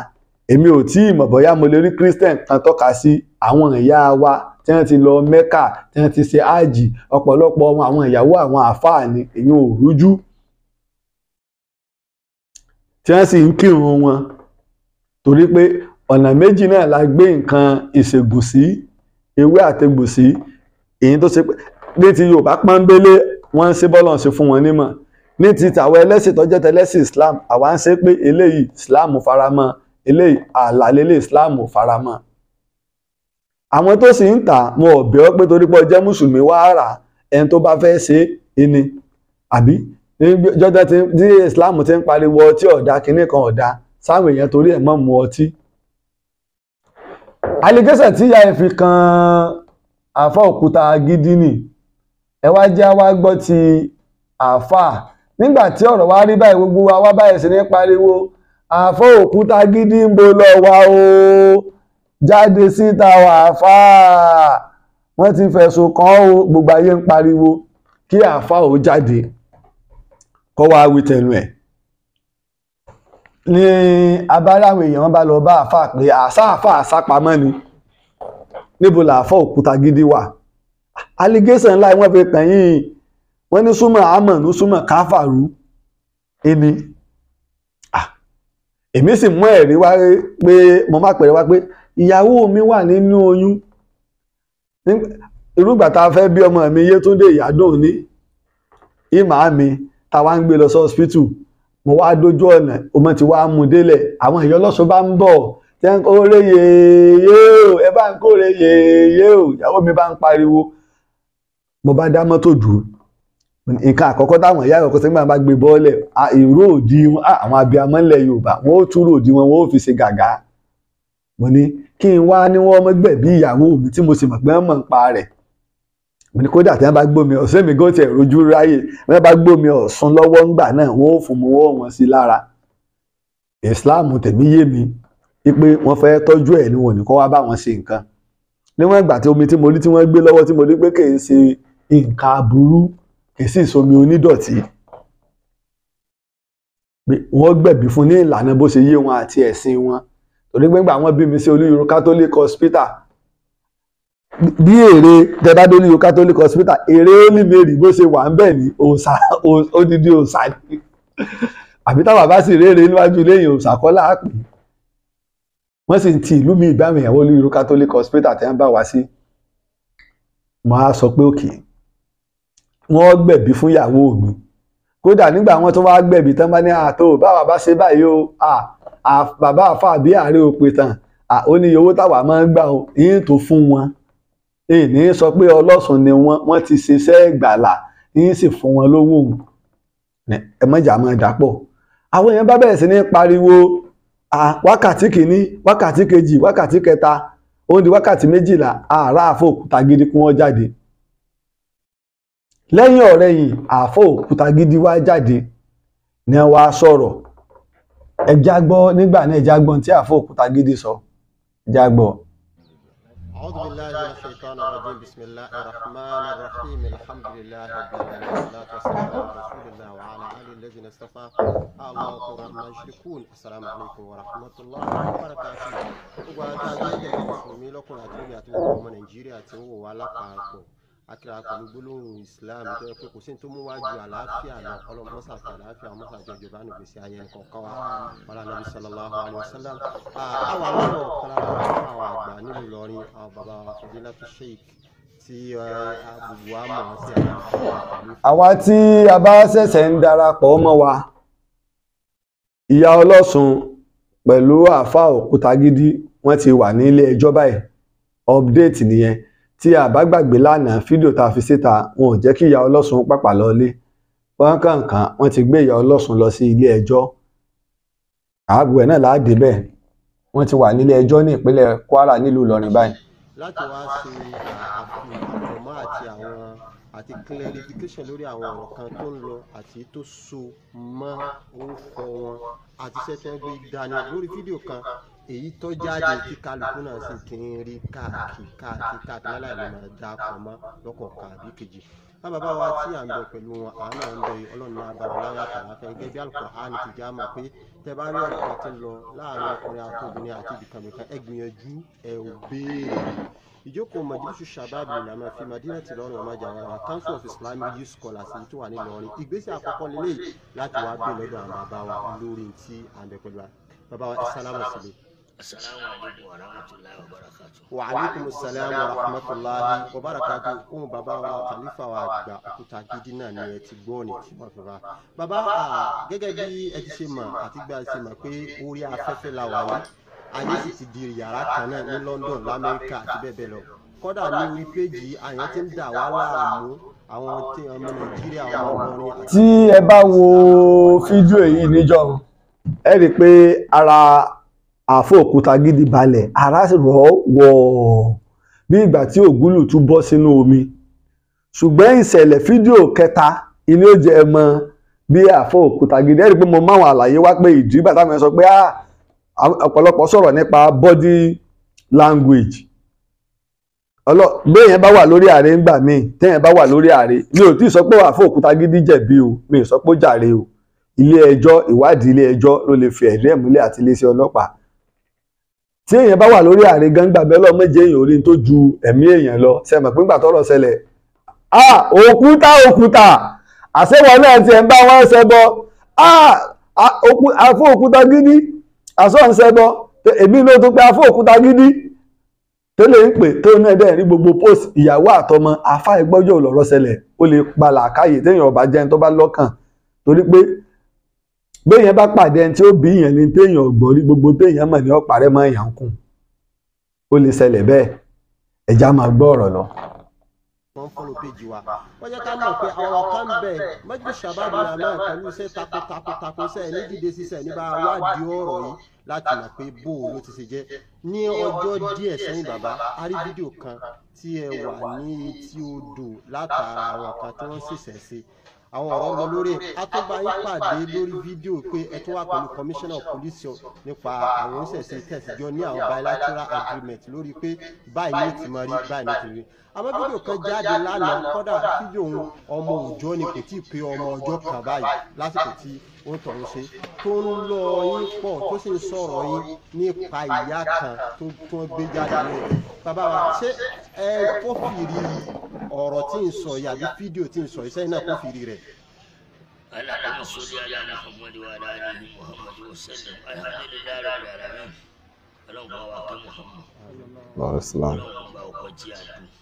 èmi ò tí ì mọ̀ bóyá mo lè rí christian kan tọ́ka sí àwọn ìyá wa tí wọ́n ti lọ mẹ́kà tí wọ́n ti ṣe áàjì ọ̀pọ̀lọpọ̀ àwọn ìyàwó àwọn àáfàá ni èyí ò rújú tí wọ́n sì ń kírun wọn torí pé ọ̀nà méjì náà la gbé nǹkan ìṣègùn sí ewé àtẹ̀gùn sí èyí tó ṣe pé ní ti yorùbá pọ́nbélé wọ́n ń ṣe bọ́lọ̀ ṣe fún wọn nímọ̀ ní ti tàwọn ẹlẹ́sìn tó jẹ́ islam àwa ń ṣe pé eléyìí islam faramọ́ eléyìí àlàlélẹ̀ islam ò faramọ́ àwọn tó sì ń tà mo ọ̀bẹ̀ ọ́ pé torí pé ọjọ́ mùsùlùmí wá rà ẹni tó bá fẹ́ ṣe é ni àbí jọ́dá tí islam ti ń pariwo ọtí ọ̀dà kínní kan ọ̀dà sáwọn èèyàn torí ẹ̀ mọ́ mu ọtí allegation tí ìyá ẹ̀ fi kan àfa òkúta gidi ni ẹ wá jẹ́ wá gbọ́ ti àfa nígbà tí ọ̀rọ̀ wá rí báyìí gbogbo wa wá báyìí sí ní pariwo àfọ́ òkúta gidi ń bo lọ wa o jáde síta wà fà á wọ́n ti fẹ̀sùn kàn ó gbogbo ayé ń pariwo kí àfà ò jáde kọ́ wá wí tẹnu ẹ̀ ní abáráwọ̀ èèyàn bá lọ bá àfà pé àṣà àfà àṣàpamọ́ ni níbo làáfọ́ òkúta gidi wà allegation ńlá wọ́n fi kàn yín ní súnmọ́ àmọ̀ ní súnmọ́ káfàrú ẹni èmi sì mú ẹ̀rí wá pé mo má pẹ̀rẹ̀ wá pé ìyàwó mi wà nínú oyún irúgbà tá a fẹ́ bí ọmọ mi Yétúndé Ìyádùn ní ìmọ̀ mi tá a wá ń gbé lọ sí hospital mo wá dójú ọ̀nà ọmọ tí wàá mú délẹ̀ àwọn ìyá ọlọ́sọ bá ń bọ̀ tí wọ́n kó rè o ẹ bá ń kó rè o ìyàwó mi bá ń pariwo mo bá dá mọ́tò dùn nǹkan àkọ́kọ́ táwọn ìyá ìkọ̀kọ́ sẹ́gbà bá gbé bọ́ọ̀lẹ̀ ìró òdi wọn àwọn abiyamọ ilẹ̀ yorùbá wọn ó túrò òdi wọn wọn ó fi ṣe gàgá mo ní kí n wá ní wọn mọ́gbẹ̀ bí ìyàwó mi tí mo sì mọ̀ pé wọ́n mọ̀ ń pa rẹ̀ mo ní kódà tí wọ́n bá gbómi ọ̀sẹ̀ mi gan tiẹ̀ rojú ráyè wọ́n bá gbómi ọ̀sùn lọ́wọ́ ńgbà náà wọ́n ó fún mi wọn sí lára islam tèmi yé mi wípé wọ́n fẹ́ tọ́jú ẹ̀ ni wọn ò ní kọ́ wá bá wọn ṣe nǹkan níwọ̀n ìgbà tí omi tí mo rí tí wọ́n gbé lọ́wọ́ tí mo rí pé kì í ṣe nǹkan aburú kì í sì somi onídọ̀tí wọ́n gbẹ̀bí fún ní ìlànà bó ṣe yé wọn àti ẹ̀sìn wọn torí gbẹ́ngbà wọn bí mi sí olúyọ̀rọ̀ catholic hospital bí èrè tẹ́bádé olúyọ̀rọ̀ catholic hospital èrè olímẹ̀rì bó ṣe wà ń bẹ̀ ní òòṣà odidi òòṣà ni àbí táwọn bá sì rèrè níwájú lẹ́yìn òòṣà kọ́ láàpì wọ́n sì ń ti ìlú mi ìbámu ìyàwó olúyọ̀rọ̀ catholic hospital tẹ́ ń bá wá sí máa sọ pé òkè. Okay wọ́n gbẹ̀bí fún ìyàwó mi kódà nígbà wọn tó wá gbẹ̀bí tán bá ní àtò báwa bá ṣe báyìí o bàbá àfa àbí ààrẹ òpè tán ó ní owó táwa máa ń gbà ó yín tó fún wọn èní sọ pé ọlọ́sùn ni wọ́n wọ́n ti ṣiṣẹ́ ìgbàlà yín sì fún wọn lówó ẹ mọ̀jà máa dàpọ̀ àwọn èèyàn bá bẹ̀rẹ̀ sí ní pariwo wákàtí kìíní wákàtí kejì wákàtí kẹta ó di wákàtí méjìlá àárá àfọ òkúta gidi kí wọ́n jáde lẹ́yìn ọ̀rẹ̀yìn àfọ́ òkúta gidi wá jáde ní wá sọ̀rọ̀ ẹjá gbọ́ nígbà náà ẹjá gbọ́n tí àfọ́ òkúta gidi sọ ẹjá gbọ́. أعوذ بالله من الشيطان الرجيم بسم الله الرحمن الرحيم الحمد لله رب العالمين والصلاة والسلام على رسول الله وعلى آله الذين اصطفى الله أكبر ما يشركون السلام عليكم ورحمة الله وبركاته وبعد ذلك المسلمين لكم أتوني أتوني من إنجيري أتوني ولا قاكم akira pẹ̀lú gbólóhùn islam tó yẹ pé kò sí ní tó mú wá ju àlàáfíà lọ ọlọ́mọ sàfẹ́ àlàáfíà ọmọ sàfẹ́ ìjọba ní gbèsè ayé nìkan kan wa wàlá nàbí sallallahu alayhi wa sallam. àwọn àwọn ọ̀kan lára wọn àwọn àgbà nílùú Ìlọrin àwọn bàbá fadilatu sheik tí gbogbo wa mọ̀ ọ́ sí àlàáfíà. àwa tí a bá ṣẹ̀ṣẹ̀ ń darapọ̀ mọ́ wa ìyá ọlọ́sùn pẹ̀lú àáfàá Òkútagídí wọ́n ti wà ní ilé ẹjọ́ báyìí update nìyẹn tí a bá gbàgbé lánàá fídíò tá a fi síta wọn ò jẹ́ kí ìyá ọlọ́sùn pàpà lọlé wọn kàǹkàn wọn ti gbé ìyá ọlọ́sùn lọ sí ilé ẹjọ́ ààbò ẹ̀ náà láàdé bẹ́ẹ̀ wọ́n ti wà nílé ẹjọ́ ní ìpínlẹ̀ Kwara nílùú Ìlọrin báyìí. láti wáá ṣe àfọmọ́ àti àwọn àti clarification lórí àwọn ọ̀rọ̀ kan tó ń lọ àti tó so mọ́ orúkọ wọn àti iṣẹ́ tẹ́gbẹ́ fídíò kan èyí tó jáde tí kálukú náà sì ti ń rí káàkiri káàkiri káàkiri aláìlú máa dá pọ̀ mọ́ lọ́kọ̀ọ̀kan àbí kejì má bàbá wa tí à ń bẹ pẹ̀lú wọn àánú à ń bẹ ọlọ́run náà bá wọn láyà kàláfẹ́ gẹ́gẹ́ bí Al-Qur'an ti já mọ̀ pé tẹ bá ní ọ̀pọ̀ ti lọ láàrin ọkùnrin àtòbìnrin àti ibìkanbìkan ẹ gbìyànjú ẹ ò béèrè ìjókòó majalisu shababu ìlànà fi madina ti lọrin ọmọ jàwara council of islamic youth scholars èyí tó wà nílọrin ìgbésẹ̀ àkọ́kọ́ lélẹ́yìí láti wá gbé lọ́dọ̀ àwọn bàbá wa lórí ti à ń bẹ pẹ̀lú wa bàbá wa ẹ sálámà sílẹ̀. Assalamu alaikum wa rahmatullahi wa barakatuh. Wa alaikum assalam wa Khalifa wa àgbà òkúta gidi náà ni ẹ ti gbọ́ ní tí wọ́n fi ra. Bàbá gẹ́gẹ́ bí ẹ ti ṣe mọ̀ àti gbà ṣe mọ̀ pé orí afẹ́fẹ́ la wà wá. Ayé sì ti di yàrá kan náà ní London l'Amẹ́ríkà àti bẹ́ẹ̀ bẹ́ẹ̀ lọ. Kọ́dà ní orí péjì àyàn ti ń dà wá láàmú àwọn tí ọmọ Nàìjíríà wọn wọn ni. Tí ẹ bá wo fídíò yìí níjọ́, ẹ rí i pé ara àfọ òkúta gidi balẹ̀ ara rọ̀ wọ̀ bí ìgbà tí ògúlù tún bọ́ sínú omi ṣùgbọ́n ìṣẹ̀lẹ̀ fídíò kẹta ilé ó jẹ mọ́ bí àfọ òkúta gidi ẹ̀rí pé mo máwọn àlàyé wá pé ìdí ìgbà táwọn sọ pé ah, ọ̀pọ̀lọpọ̀ sọ̀rọ̀ nípa body language ọlọ béèyàn bá wà lórí ààrẹ ńgbà míì téèyàn bá wà lórí ààrẹ mi ò tí ì sọ pé wà òkúta gidi jẹ̀bi o mi ò sọ pé ó jàre o ilé ẹjọ́ ìwádìí ilé ẹjọ́ ló lè fi ẹ̀rí ẹ̀ àti iléeṣẹ́ ọlọ́pàá tí èèyàn bá wà lórí àárín gangba bẹ́ẹ̀ lọ́ọ́ méje èèyàn orí tó ju ẹ̀mí èèyàn lọ sẹ́mọ̀ pé ńgbà tọ́rọ̀ ṣẹlẹ̀ ah òkúta òkúta àṣewọ̀ náà tiẹ̀ ń bá wọn ṣẹbọ ah àfọ òkúta gidi àṣọ ń ṣẹbọ èmi ló tún pé àfọ òkúta gidi tó lè ń pè tó náà dẹ̀ rí gbogbo post ìyàwó àtọmọ afá ìgbọ́jọ́ òlọ́rọ̀ ṣẹlẹ̀ ó lè palà káyè téèyàn ọ̀bà jẹun tó bá lọ́kàn torí pé béèyàn bá pàdé ẹni tí ó bí yẹn ní téèyàn ọ̀gbọ́n rí gbogbo téèyàn mọ̀ ní ọ̀parẹ́ mọ́ èèyàn kù ó lè ṣẹlẹ̀ bẹ́ẹ̀ ẹ̀já máa gbọ́ ọ̀rọ̀ lọ. wọ́n fọ́lọ́ péjì wa wọ́n jẹ́ ká mọ̀ pé ọ̀rọ̀ kan bẹ̀ mẹ́jì sábàbí àná pẹ̀lú iṣẹ́ takuntakuntakun sẹ́ẹ̀ ní dìde sísẹ̀ nípa wádìí ọ̀rọ̀ yìí láti mọ̀ pé bó o ló ti ṣe jẹ́ ní ọjọ́ díẹ̀ sẹ́yìn bàbá a rí fídíò kan tí ẹ wà ní etí odò látara àwọn kan tí wọ́n ṣẹ̀ṣẹ̀ ṣe àwọn ọ̀rọ̀ lọ lórí atọ́ba yín pàdé lórí fídíò pé ẹ tó wà pẹ̀lú commissioner of police nípa àwọn oníṣẹ̀ṣe tẹ̀síjọ ní àwọn bilateral agreement lórí pé báyìí ní ti mọ rí báyìí ní ti rí àmọ́ fídíò kan jáde lánàá kọ́dà fídíò ọmọ òòjọ́ ni kò tí ì pé ọmọ ọjọ́ kan báyìí lásìkò tí ó tọ̀hún ṣe tó ń lọ yín pọ̀ tó sì ń sọ̀rọ̀ yín nípa ìyá kan tó tó ń gbé jáde lọ bàbá wa ṣé ẹ kófìrí ọ̀rọ̀ tí ń sọ yìí àbí fídíò tí ń sọ yìí sẹ́yìn náà kófìrí rẹ̀. اللهم صل على محمد وعلى آله محمد وسلم الحمد لله رب العالمين اللهم بارك محمد. الله يسلمك. اللهم بارك وجيعته.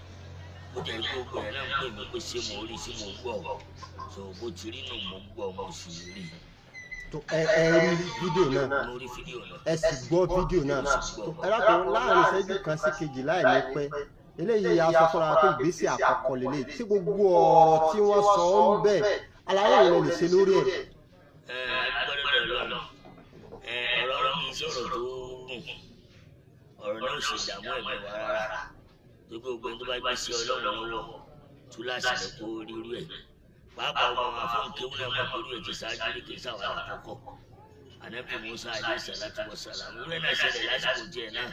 ó dẹ̀ rí gbogbo ẹ̀ náà ń pè mí pé ṣé mo rí ṣé mo gbọ́ so bó ti rí nù mo gbọ́ mo sì rí ẹ ẹ rí fídíò náà ẹ sì gbọ́ fídíò náà ẹ rákòó láàrin ìṣẹ́jú kan sí kejì láì pẹ́ eléyìí aṣọ pé ìgbésẹ̀ àkọ́kọ́ lélẹ̀ tí gbogbo ọ̀rọ̀ tí wọ́n sọ ń bẹ̀ aláyẹ̀ rẹ̀ lè ṣe lórí ẹ̀. ọ̀rọ̀ mi sọ̀rọ̀ tó gùn ọ̀rọ̀ náà sì dààmú ẹ̀mí wa rárá pé gbogbo ẹni tó bá gbé sí ọlọ́run lọ́wọ́ tú láti rẹ̀ kó rírú ẹ̀ pàápàá ọmọ wa fún kéwù náà mọ̀ kórìí ètò ṣáájú ní kí sáwọn àkọ́kọ́ ànábì Musa alẹ́ sàlátì wọ sàlámù rẹ̀ náà ṣẹlẹ̀ lásìkò díẹ̀ náà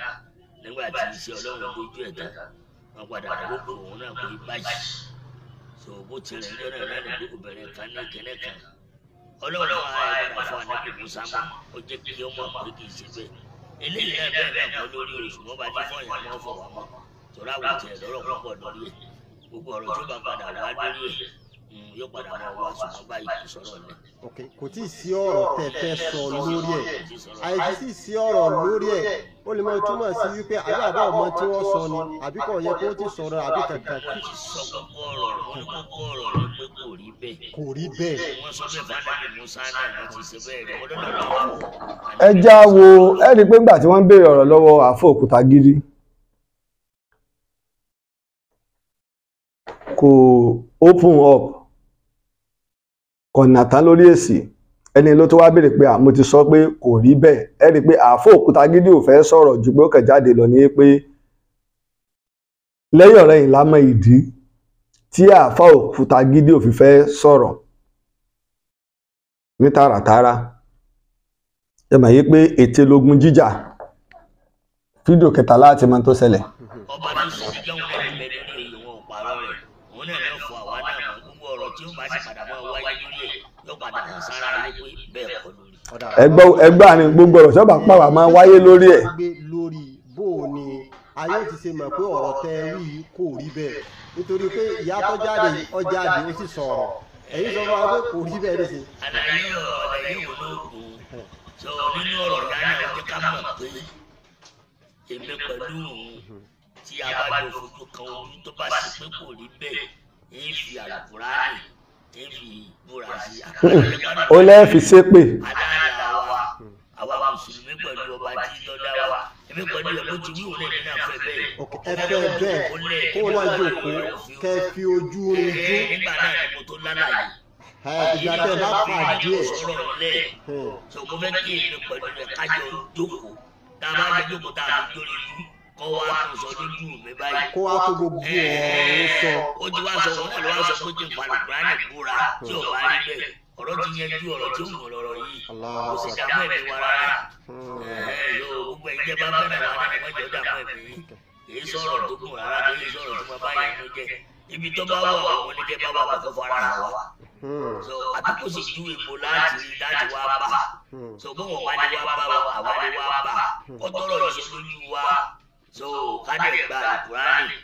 nígbà tí iṣẹ́ ọlọ́run lójú ẹ̀dá wọn padà gbogbo òun náà kò í báyìí tó bó tilẹ̀ ní ọ̀nà náà níbi obìnrin kan ní kẹ́lẹ́ kan ọlọ́run á yẹ padà fún ànábì Musa ó jẹ́ kí ọmọ àpò torí àwọn tiẹ̀ lọ́rọ̀ púpọ̀ lórí ẹ̀ gbogbo ọ̀rọ̀ tó bá padà wá lórí ẹ̀ yóò padà máa wá ṣùgbọ́n báyìí sọ̀rọ̀ lẹ. ok kò tí ì sí ọ̀rọ̀ tẹ̀tẹ̀ sọ lórí ẹ̀ àìsí tí sí ọ̀rọ̀ lórí ẹ̀ ó lè máa túmọ̀ sí wípé àbí àbá ọmọ tí wọ́n sọ ni àbí kò yẹ kó tí sọ̀rọ̀ àbí kankan. kò rí bẹ́ẹ̀. ẹ já wo ẹ rí i pé nígbà tí wọ́n ń béèrè ọ̀rọ̀ lọ́wọ́ àfọ òkúta gírí kò open up kọ̀nàtán lórí èsì ẹni ló tó wá béèrè pé mo ti sọ pé kò rí bẹ́ẹ̀ ẹ rí i pé àáfò òkúta gidi ò fẹ́ sọ̀rọ̀ ju pé ó kàn jáde lọ ní pé lẹ́yìn ọ̀rẹ́ yìí lámọ ìdí tí àáfà òkúta gidi ò fi fẹ́ sọ̀rọ̀ ní tààràtààrà ẹ mà yí pé ète lógun jíjà fídíò kẹta láti mọ tó ṣẹlẹ̀. ọba ní sùn sí jẹun yóò bá sì padà wá wáyé lórí ẹ̀ yóò padà hàn sára ayé pé bẹ́ẹ̀ kọ́ lórí. ẹgbẹ́ ẹgbẹ́ àní gbogbo ọ̀rọ̀ sọ́ba pàwà máa wáyé lórí ẹ̀. lórí bó o ní ayé ti ṣe mọ̀ pé ọ̀rọ̀ tẹ rí yìí kò rí bẹ́ẹ̀ nítorí pé ìyá tó jáde ó sì sọ̀rọ̀ èyí sọ fún wa pé kò rí bẹ́ẹ̀ lẹ́sìn. àlàyé ọ̀rọ̀ yìí wò ló kù sọ nínú ọ̀rọ̀ yàrá ẹ̀ ká mọ̀ pé èmi pẹ̀lú tí a bá lọ fojú kan orí tó bá sì pé kò rí bẹ́ẹ̀ ń fi àlùkùránì ó lẹ́ẹ̀fi ṣépè. àwa ẹ fẹ́ bẹ́ẹ̀ kó wá jòkó kẹ́ fi ojú orin jú. ìgbà tẹ bá pàdé ẹ. sọ̀rọ̀ lẹ̀ pẹ̀lú ẹ̀ kájọ jókòó tá a bá jẹ́ jókòó tá a fi dórí ìlú kọ́ wa sọ lójú mi báyìí. kó wa kó gbogbo ọ̀rọ̀ sọ. ó ti wá sọ wọn lọ wá sọ pé kí n palẹ̀ kúránì búra tí ò bá rí bẹ́ẹ̀ ọ̀rọ̀ ti yanjú ọ̀rọ̀ tí ó mọ̀ lọ́rọ̀ yìí kò sì dàmú ẹ̀mí wa rárá. yóò gbogbo ẹ̀jẹ̀ bá bẹ̀rẹ̀ wá ní mọ́jọ́ dàmú ẹ̀mí èyí sọ̀rọ̀ tó kù rárá kí sọ̀rọ̀ tó máa bá yẹn ló jẹ́ ibi tó bá wà wọn ní kẹ́ bá wà kó fara wa. so àbíkó sì ju èpo láti láti wá bá hmm. so bóun wá ní wá bá wa àwa ní wá bá kọ́tọ́rọ̀ ìṣòro ju wa so kájọ gba àkùránì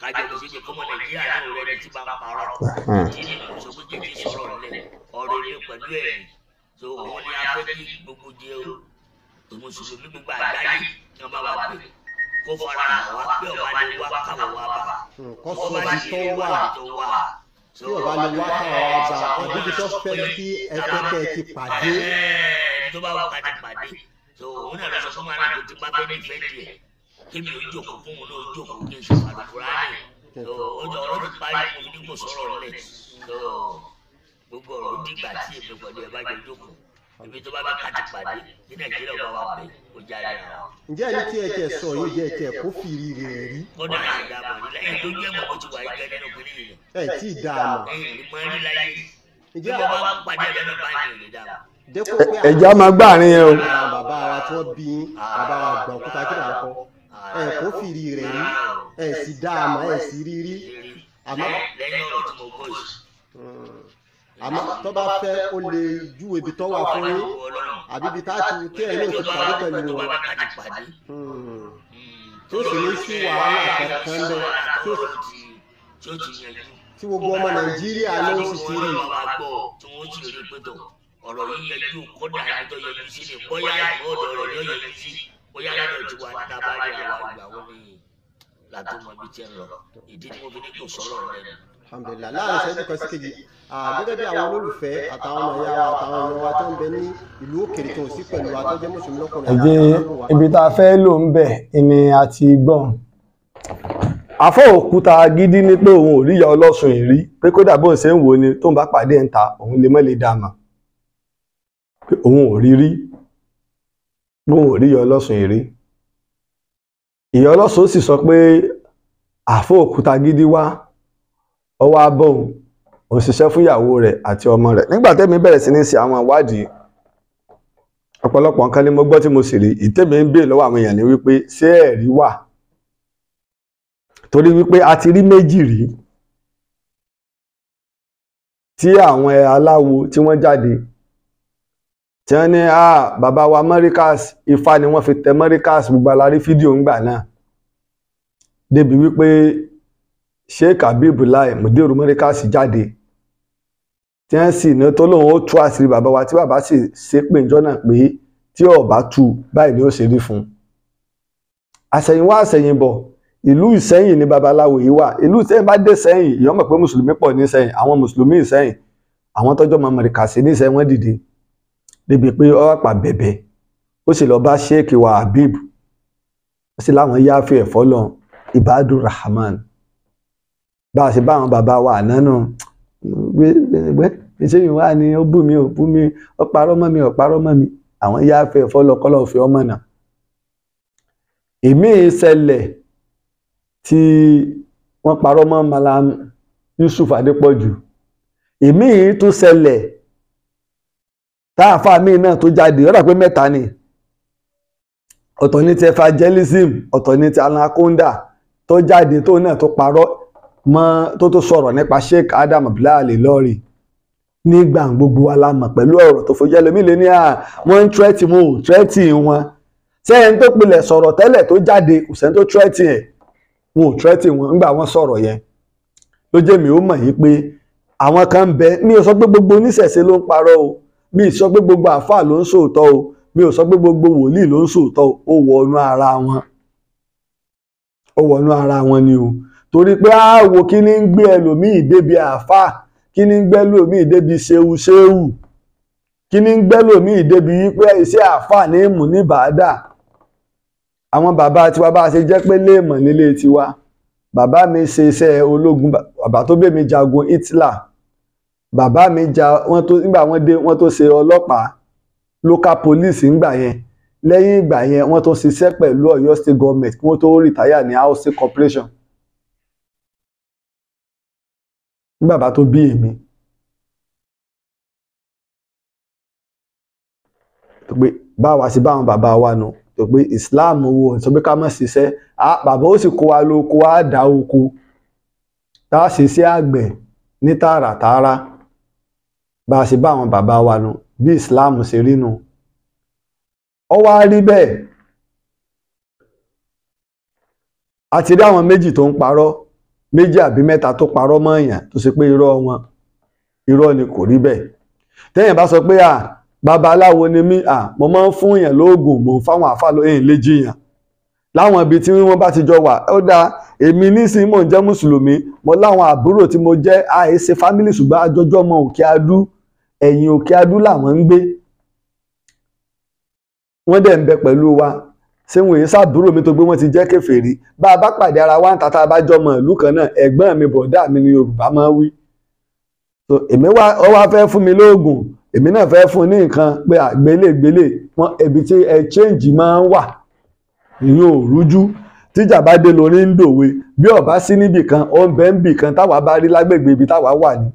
kájọ kò sí pé kọ́mọ nàìjíríà náà rẹ ti máa parọ́ hmm. kí ni mo sọ pé kí n sọ̀rọ̀ lẹ̀ ọ̀rọ̀ ni pẹ̀lú ẹ̀ so òun ni a fẹ́ kí gbogbo jẹ́ o mùsùlùmí gbogbo àgbáyé ni wọ́n bá wà pè kó fara hàn wá pé ọba ni wá káwọ wá bá hmm, kó sọ ibi tó wà tí ọba ni wá káwọ wá bá ọdún ibi tó fẹ́ kí ẹgbẹ́ ti pàdé. ẹni tó bá wà ká ti pàdé so òun náà lọ sọ fún wa náà kó ti pápẹ́ nífẹ̀ẹ́ tiẹ̀ kémi ò jókòó fún wọn náà jókòó kí n sọ àdúrà rẹ ọjọ́ ọ̀rọ̀ ti parí mo ní kò sọ̀rọ̀ rẹ gbogbo ọ̀rọ̀ dìgbà tí èmi pẹ̀lú ẹ bá jẹ jókòó ibi tó bá bá kàti pàdé ní nàìjíríà bá wà bẹ kó já yà wá. ǹjẹ́ ẹni tí ẹ tẹ sọ yóò jẹ́ ẹ tẹ kó fìrí rẹ̀ rí. kọ́dà àyà mọ̀ ní lẹ́yìn tó jẹ́ mọ̀ tó wà yíká nínú kiri yìí. ẹ tí ì dáa mọ̀. ǹjẹ́ àwọn bá pàdé ẹ̀ yẹn o. bàbá wa tí wọ́n bí bàbá wa gbà òkúta kí là kọ́ ẹ kò fìrí rẹ̀ rí ẹ sì dá a mọ̀ ẹ sì rí rí. lẹ́yìn ọ̀rọ̀ tí mo gbọ́ yìí. Hmm. àmọ́ tó bá fẹ́ ó lè júwe ibi tó wà fún yín àbí ibi tá a ti tẹ́ ẹ náà ti pàdé pẹ̀lú wọn. tó hmm. hmm. sì ní sí wàhálà kankan bẹ tí gbogbo ọmọ nàìjíríà ló ń sì rí. ọ̀rọ̀ yìí yẹjú kódà àjọ yẹjú sí ni bóyá ìmọ̀ ọ̀dọ̀ rẹ̀ yóò yẹjú sí bóyá lọ́dọ̀ tiwa tá a bá rí àwa ìgbà wo làtó mọ ibi tí ń lọ ìdí tí mo fi ní kò sọ̀rọ̀ rẹ ni. alhamdulilayi láàrin ìṣẹ́jú kan sí kejì gẹ́gẹ́ bí àwọn olólùfẹ́ àtàwọn ọmọ ìyá wa àtàwọn ọmọ wa tó ń bẹ ní ìlú òkèèrè tó ń sí pẹ̀lú àtọ́jẹ́ mùsùlùmí lọ́kùnrin. ẹ̀jẹ̀ ibi tá a fẹ́ lò ń bẹ̀ ni a ti gbọ́n àfọ́ gidi ní pé òun ò rí ìyá ọlọ́sùn ìrí pé kódà bóun ṣe ń wò ni tóun bá pàdé ẹ̀ ń ta òun lè mọ́ lè dá pé òun ò rí rí gbóhùn òrí ìyá ọlọ́sùn yìí rí ìyá ọlọ́sùn sì sọ pé àfọ òkúta gidi wá ọwọ́ abọ́hùn ó ṣiṣẹ́ fún ìyàwó rẹ̀ àti ọmọ rẹ̀ nígbà tẹ́mi bẹ̀rẹ̀ sí ní ṣe àwọn ìwádìí ọ̀pọ̀lọpọ̀ nǹkan ni mo gbọ́ tí mo sì rí ìtẹ́mi ń béè lọ́wọ́ àwọn èèyàn ni wípé ṣé ẹ̀rí wà torí wípé a ti rí méjì rí tí àwọn aláwo tí wọ́n jáde tí wọ́n ní ah, bàbá wa mọ́ríkàs ifá ni wọ́n fi tẹ mọ́ríkàs gbogbo alárí fídíò ńgbà náà débi wípé sheikh habib lai mudiru mọ́ríkàs jáde tí wọ́n sì ní tó lóun ó tú àṣírí bàbá wa tí bàbá sì ṣe pé ìjọ náà pé tí ọba tú báyìí ni ó ṣe rí fún un àṣẹ̀yìnwá àṣẹ̀yìnbọ̀ ìlú ìsẹ́yìn ni babaláwo yìí wà ìlú ìsẹ́yìn bá dé sẹ́yìn ìyọ́mọ̀ pé mùsùlùmí pọ̀ ní sẹ́yìn àwọn mùsùlùmí ìsẹ́yìn àwọn tọ́jọ́ mọ̀ mọ̀ríkàsí ní ìsẹ́yìn wọ́n dìde débi pé ọ̀rọ̀pà bẹ̀bẹ̀ ó sì lọ bá sheikh wa habib ó sì láwọn yááfẹ́ ẹ̀fọ́ lọ ibadu rahman bá a ṣe bá àwọn bàbá wa ànánú gbẹgbẹ ìṣẹ́yìn wa ni ó bú mi ó bú mi ó parọ́ mọ́ mi ó parọ́ mọ́ mi àwọn yááfẹ́ ẹ̀fọ́ lọ kọ́lọ́ fi ọmọ náà èmi ìṣẹ̀lẹ̀ tí wọ́n parọ́ mọ́ malam yusuf adépọ̀jù èmi yìí táàfà míì náà tó jáde ó pé mẹ́ta ni ọ̀tọ̀ ní ti evangelism ọ̀tọ̀ ní ti anaconda tó jáde tó náà tó parọ́ mọ́ tó tó sọ̀rọ̀ nípa Sheikh Adam Bilal lọ́ọ̀rì nígbà gbogbo alamọ̀ pẹ̀lú ọ̀rọ̀ tó fojú ẹlòmíì lé ní à wọ́n ń tírẹ́tì mú tírẹ́tì wọn sẹ́yìn tó pilẹ̀ sọ̀rọ̀ tẹ́lẹ̀ tó jáde kò sẹ́ni tó tírẹ́tì ẹ̀ wọn ò tírẹ́tì wọn nígbà wọ́n sọ̀rọ̀ yẹn ló jẹ́ mi ó mọ̀ yìí pé àwọn kan bẹ mi ò sọ pé gbogbo oníṣẹ̀ṣe ló ń parọ́ o mi sọ pé gbogbo àáfàá ló ń sòótọ́ o mi ò sọ pé gbogbo wòlíì ló ń sòótọ́ o ó wọnú ara wọn ó wọnú ara wọn ni o torí pé àwo kí ni ń gbé ẹlòmíì débi àáfàá kí ni ń gbé ẹlòmíì débi ṣewu ṣewu kí ni ń gbé ẹlòmíì débi wípé iṣẹ́ àáfàá ní mú ní bàádà àwọn bàbá tiwa bá a ṣe jẹ́ pé léèmọ̀ nílé tiwa bàbá mi ṣe iṣẹ́ ológun bàbá tó bẹ̀ mi jagun Hitler bàbá mi ja wọ́n tó nígbà wọ́n dé wọ́n tó ṣe ọlọ́pàá local police ńgbà yẹn lẹ́yìn ìgbà yẹn wọ́n tó ṣiṣẹ́ pẹ̀lú Ọ̀yọ́ state government kí wọ́n tó rìtáyà ní housing corporation ní bàbá tó bí èmi tó pé báwa sí báwọn bàbá wa nu tó pé Islam wo sọ pé ká má ṣiṣẹ́ bàbá ó sì kó wa lóko á dá oko tá a ṣiṣẹ́ àgbẹ̀ ní tààràtààrà bá a ṣe bá àwọn bàbá wa nu bí islam ṣe rí nu ọ wá rí bẹ́ẹ̀ a ti rí àwọn méjì tó ń parọ́ méjì àbí mẹ́ta tó parọ́ mọ́ èèyàn tó ṣe pé irọ́ wọn irọ́ ni kò rí bẹ́ẹ̀ tẹ́yìn bá sọ pé à babaláwo ni mí à mo máa ń fún èèyàn lóògùn mò ń fáwọn àfàlọ èèyàn lè jiyàn láwọn ibi tí wọ́n bá ti jọ wà ó dáa èmi nísìnyí mò ń jẹ́ mùsùlùmí mo láwọn àbúrò tí mo jẹ́ àìsè fámìlì ṣùgbọ́n àjọjọ́ ọmọ òkè adú ẹ̀yìn òkè adú làwọn ń gbé wọ́n dẹ̀ ń bẹ pẹ̀lú wa ṣé wọn èyí sábúrò mi tó gbé wọn ti jẹ́ kèfèrí bá a bá pàdé ara wa ń ta tá a bá jọmọ ìlú kan náà ẹ̀gbọ́n mi bọ̀dá mi ni Yorùbá máa wí so èmi wá ọ wá fẹ́ fún mi lóògùn èmi náà fẹ́ fún ní nǹkan pé àgbélé gbélé wọn ẹbí tí ẹ change máa ń wà ìyẹn ò rújú tíjà bá dé lórí ń dòwe bí ọba sí níbì kan ó ń bẹ ń bì kan táwa bá rí lágbègbè ibi táwa wà ni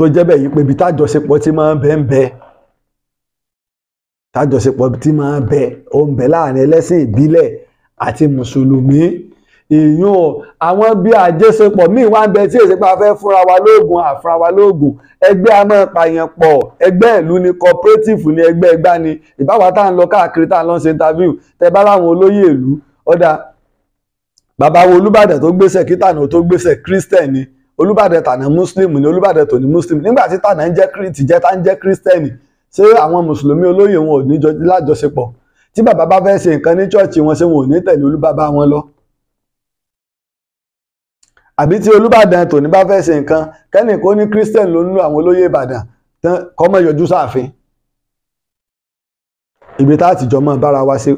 tó jẹ́ bẹ́ẹ̀ yìí pé ibi tájọṣepọ̀ ti máa ń bẹ́ẹ̀ ń bẹ́ẹ̀ tájọṣepọ̀ ti máa ń bẹ́ẹ̀ ó ń bẹ́ẹ̀ láàrin ẹlẹ́sìn ìbílẹ̀ àti mùsùlùmí ìyún o àwọn bí àjẹsepọ̀ míì wá ń bẹ tí èsì pa fẹ́ fúnra wa lóògùn àfúnra wa lóògùn ẹgbẹ́ a máa pààyàn pọ̀ ẹgbẹ́ ìlú ni cooperative ni ẹgbẹ́ ẹgbá ni ìbáwá tá à ń lọ káàkiri tá à ń lọ ṣe interview tẹ bá láwọn olóyè ìlú ọ̀dà bàbá wo Olúbàdàn tó gbéṣẹ̀ kítànà tó gbéṣẹ̀ Christian ni olùbàdàn tàná muslim ni olùbàdàn tòní muslim nígbà tí tàná ń jẹ́ tìjẹta ń jẹ́ kírísítẹ́nì ṣé àwọn mùsùlùmí olóyè wọn ò ní lájọṣepọ̀ tí bàbá bá fẹ́ ṣe nǹkan ní chọ́ọ̀chì wọn ṣé wọn ò ní tẹ̀lé olúbàbá wọn lọ àbí tí olùbàdàn tòní bá fẹ́ ṣe nǹkan kẹ́nì kó ní christian ló ń lo àwọn olóyè ìbàdàn tán kọ́mọ yọjú sáàfin ibi tá àtijọ́ mọ́ bára wa ṣe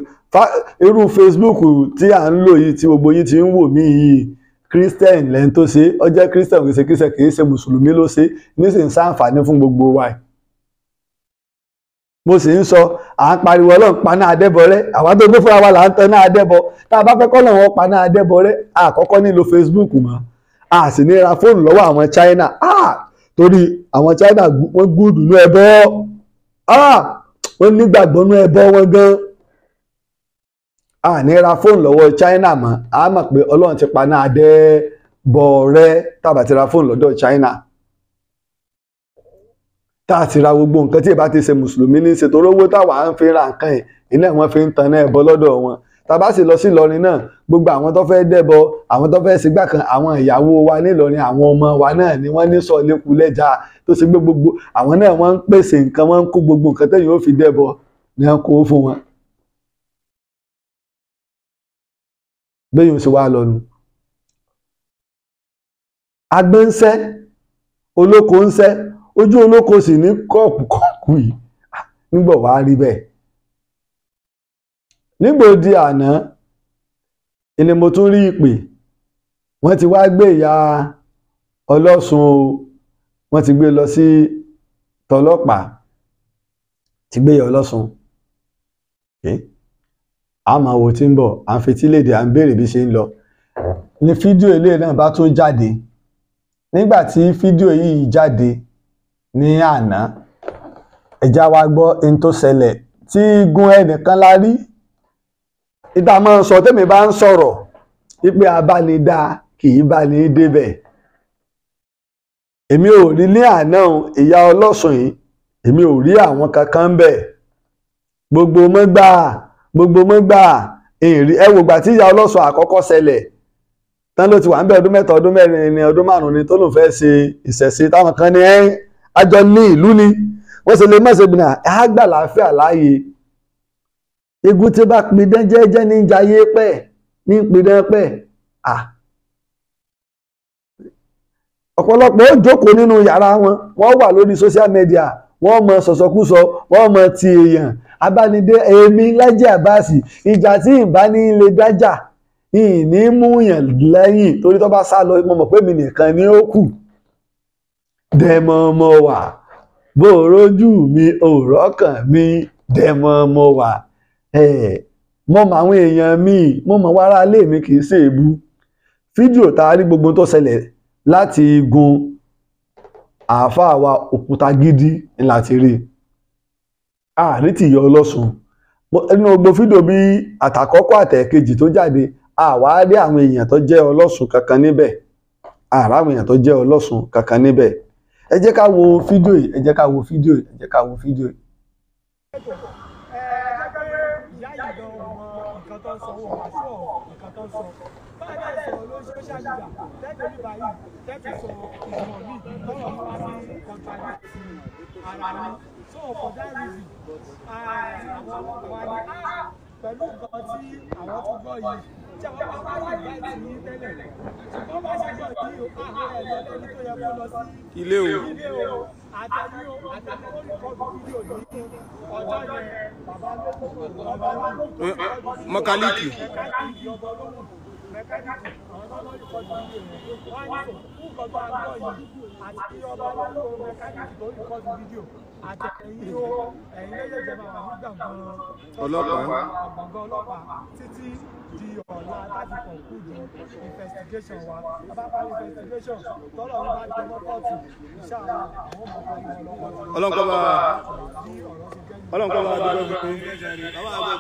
irú facebook tí à ń lò yìí tí gbogbo yìí ti ń wò mí yìí christian lẹ́yìn tó ṣe ọ jẹ́ christian kì ṣe christian kì í ṣe mùsùlùmí ló ṣe nísìnyí ṣàǹfààní fún gbogbo wa mo sì ń sọ à ń pariwo ọlọ́run nkpa na àwọn tó gbé fúnra wa là ń tan náà adẹ́bọ tá a bá fẹ́ kọ́lọ̀ wọn paná adẹ́bọrẹ́ àkọ́kọ́ nílò facebook mọ́ a sì ní ra fóònù lọ́wọ́ àwọn china torí àwọn china wọ́n ẹbọ wọ́n nígbàgbọ́nú ẹbọ wọn gan a ní ra fóònù lọ́wọ́ China mọ́ a mọ̀ pé Ọlọ́run ti paná adé bọ̀ọ̀rẹ́ tàbá ti ra fóònù lọ́dọ̀ China tá a ti ra gbogbo nǹkan tí ìbá ti ṣe mùsùlùmí ní ṣètò owó táwa ń fi ra nǹkan yìí iná wọn fi ń tan náà ẹbọ lọ́dọ̀ wọn tàbá sì lọ sí Ìlọrin náà gbogbo àwọn tó fẹ́ dẹ́bọ àwọn tó fẹ́ sígbà kan àwọn ìyàwó wa nílọrin àwọn ọmọ wa náà ni wọ́n ní sọ lẹ́kulẹ́já tó ṣe gbogbo àwọn náà wọ́n ń pèsè nǹkan wọ́n ń kó gbogbo nǹkan tẹ́yìn ó fi dẹ́bọ ni wọ́n fún wọn. bẹ́yìn oṣù wa lọ́nu agbẹ́ ń sẹ́ olóko ń sẹ́ ojú olóko sì ní kọ́ọ̀pù kọ́ọ̀pù yìí nígbà wàá rí bẹ́ẹ̀ nígbà àná ni mo tún rí ìpè wọ́n ti wá gbé ìyá ọlọ́sùn o wọ́n ti gbé lọ sí tọlọ́pàá ti gbé ìyá ọlọ́sùn. Okay a máa wo tí ń bọ̀ à ń fetílédè à ń béèrè bí ṣe ń lọ ni fídíò eléyìí náà bá tún jáde nígbà tí fídíò yìí jáde ní àná ẹ̀já wa gbọ́ ohun tó ṣẹlẹ̀ tí igun ẹnìkan la rí ìta máa ń sọ tẹ́mi bá ń sọ̀rọ̀ wípé abánidá kì í bá ní débẹ̀ èmi ò rí ní àná ìyá ọlọ́sùn yìí èmi ò rí àwọn kankan bẹ́ẹ̀ gbogbo mọ́gbà gbogbo mọ́gbà èrè ẹ wògbà tí ìyá ọlọ́sọ àkọ́kọ́ ṣẹlẹ̀ tán ló ti wà ń bẹ ọdún mẹ́ta ọdún mẹ́rin ni ọdún márùn-ún ni tó lòun fẹ́ ṣe ìṣẹ̀ṣe táwọn kan ní ẹ́ àjọ ní ìlú ni wọ́n ṣe lè má ṣe gbìnà láàfíà láàyè egun tí bá jẹ́jẹ́ ní pẹ́ ní pẹ́ à ọ̀pọ̀lọpọ̀ ó jókòó nínú yàrá wọn wọ́n wà lórí social media wọ́n mọ sọ̀sọ̀kúsọ wọ́n mọ ti èèyàn abánidé èmi Laji Abbas ìjà tí ìbáni lè dájà ìní mú yàn lẹ́yìn torí tó bá sá lọ mo mọ̀ pé mi nìkan ni ó kù dẹ̀mọ̀ mọ̀ wà bó rojú mi òòrọ̀ kàn mí dẹ̀mọ̀ mọ̀ wà mo mọ àwọn èèyàn míì mo mọ wàrà ilé mi kì í ṣèébú fídíò tá a rí gbogbo tó ṣẹlẹ̀ láti igun àáfàá wa òkúta gidi ni láti rí i. àárín tìyọ ọlọ́sùn nínú gbogbo fídíò bí àtàkọ́kọ́ àtẹ̀kejì tó jáde àwárí àwọn èèyàn tó jẹ́ kankan níbẹ̀ àrà àwọn èèyàn tó jẹ́ ọlọ́sùn kankan níbẹ̀ ẹ jẹ́ ká wo fídíò yìí so for that reason àwọn ọlọ́pàá wa ni pẹ̀lú nǹkan tí àwọn tó gbọ́ yìí tí àwọn bá wá yìí ti ní tẹ́lẹ̀ ṣùgbọ́n bá ṣe gbọ́ yìí o àwọn ẹ̀ lọ tó yẹ kó lọ sí ilé o àtàrí o àtàrí ó ní kọ́ọ̀tù fídíò yìí ọjọ́ yẹn bàbá lóko ọba lóko mọkálíkì ọba lóko mẹkáníkì ọ̀nà lọ́yìnbó ti ń lè wọ́n á ní kó kọ́ tó a yìí àti ọba lóko mẹkáníkì tó kọ́ tó fídíò àtẹ̀yìn o ẹ̀yin lẹ́yẹ̀jẹ̀ máa wà ní gbàngàn ọlọ́pàá gbàngàn ọlọ́pàá títí di ọ̀la láti conclude investigation wa abáfà investigation tọ́lọ̀ ní bá jẹ́ mọ́kọ́tù iṣẹ́ àwọn ọmọkùnrin ọlọ́pàá. ọlọ́nkọ́ bá ọlọ́nkọ́ bá dúró fún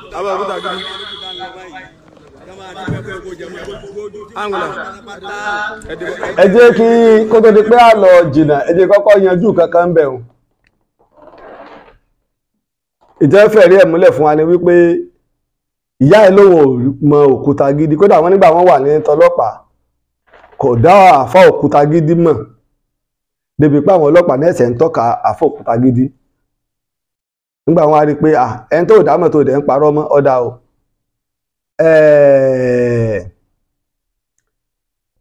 un àwọn àbúrò gidi. ẹ jẹ́ kí kótó di pé àlọ́ jìnnà ẹ jẹ́ kọ́kọ́ yanjú kankan bẹ̀ o. ìtẹ́fẹ̀rí ẹ̀ múlẹ̀ fún wa ni wípé ìyá ẹ̀ lòun mọ òkúta gidi kódà wọn nígbà wọn wà ní tọlọ́pàá kò dá àfọ òkúta gidi mọ̀ débi pé àwọn ọlọ́pàá ntoka ẹ̀sẹ̀ ń tọ́ka àfọ òkúta gidi nígbà wọn a rí i pé à ẹni tó dámọ̀ tó dẹ̀ ń parọ́ mọ́ ọ̀dà o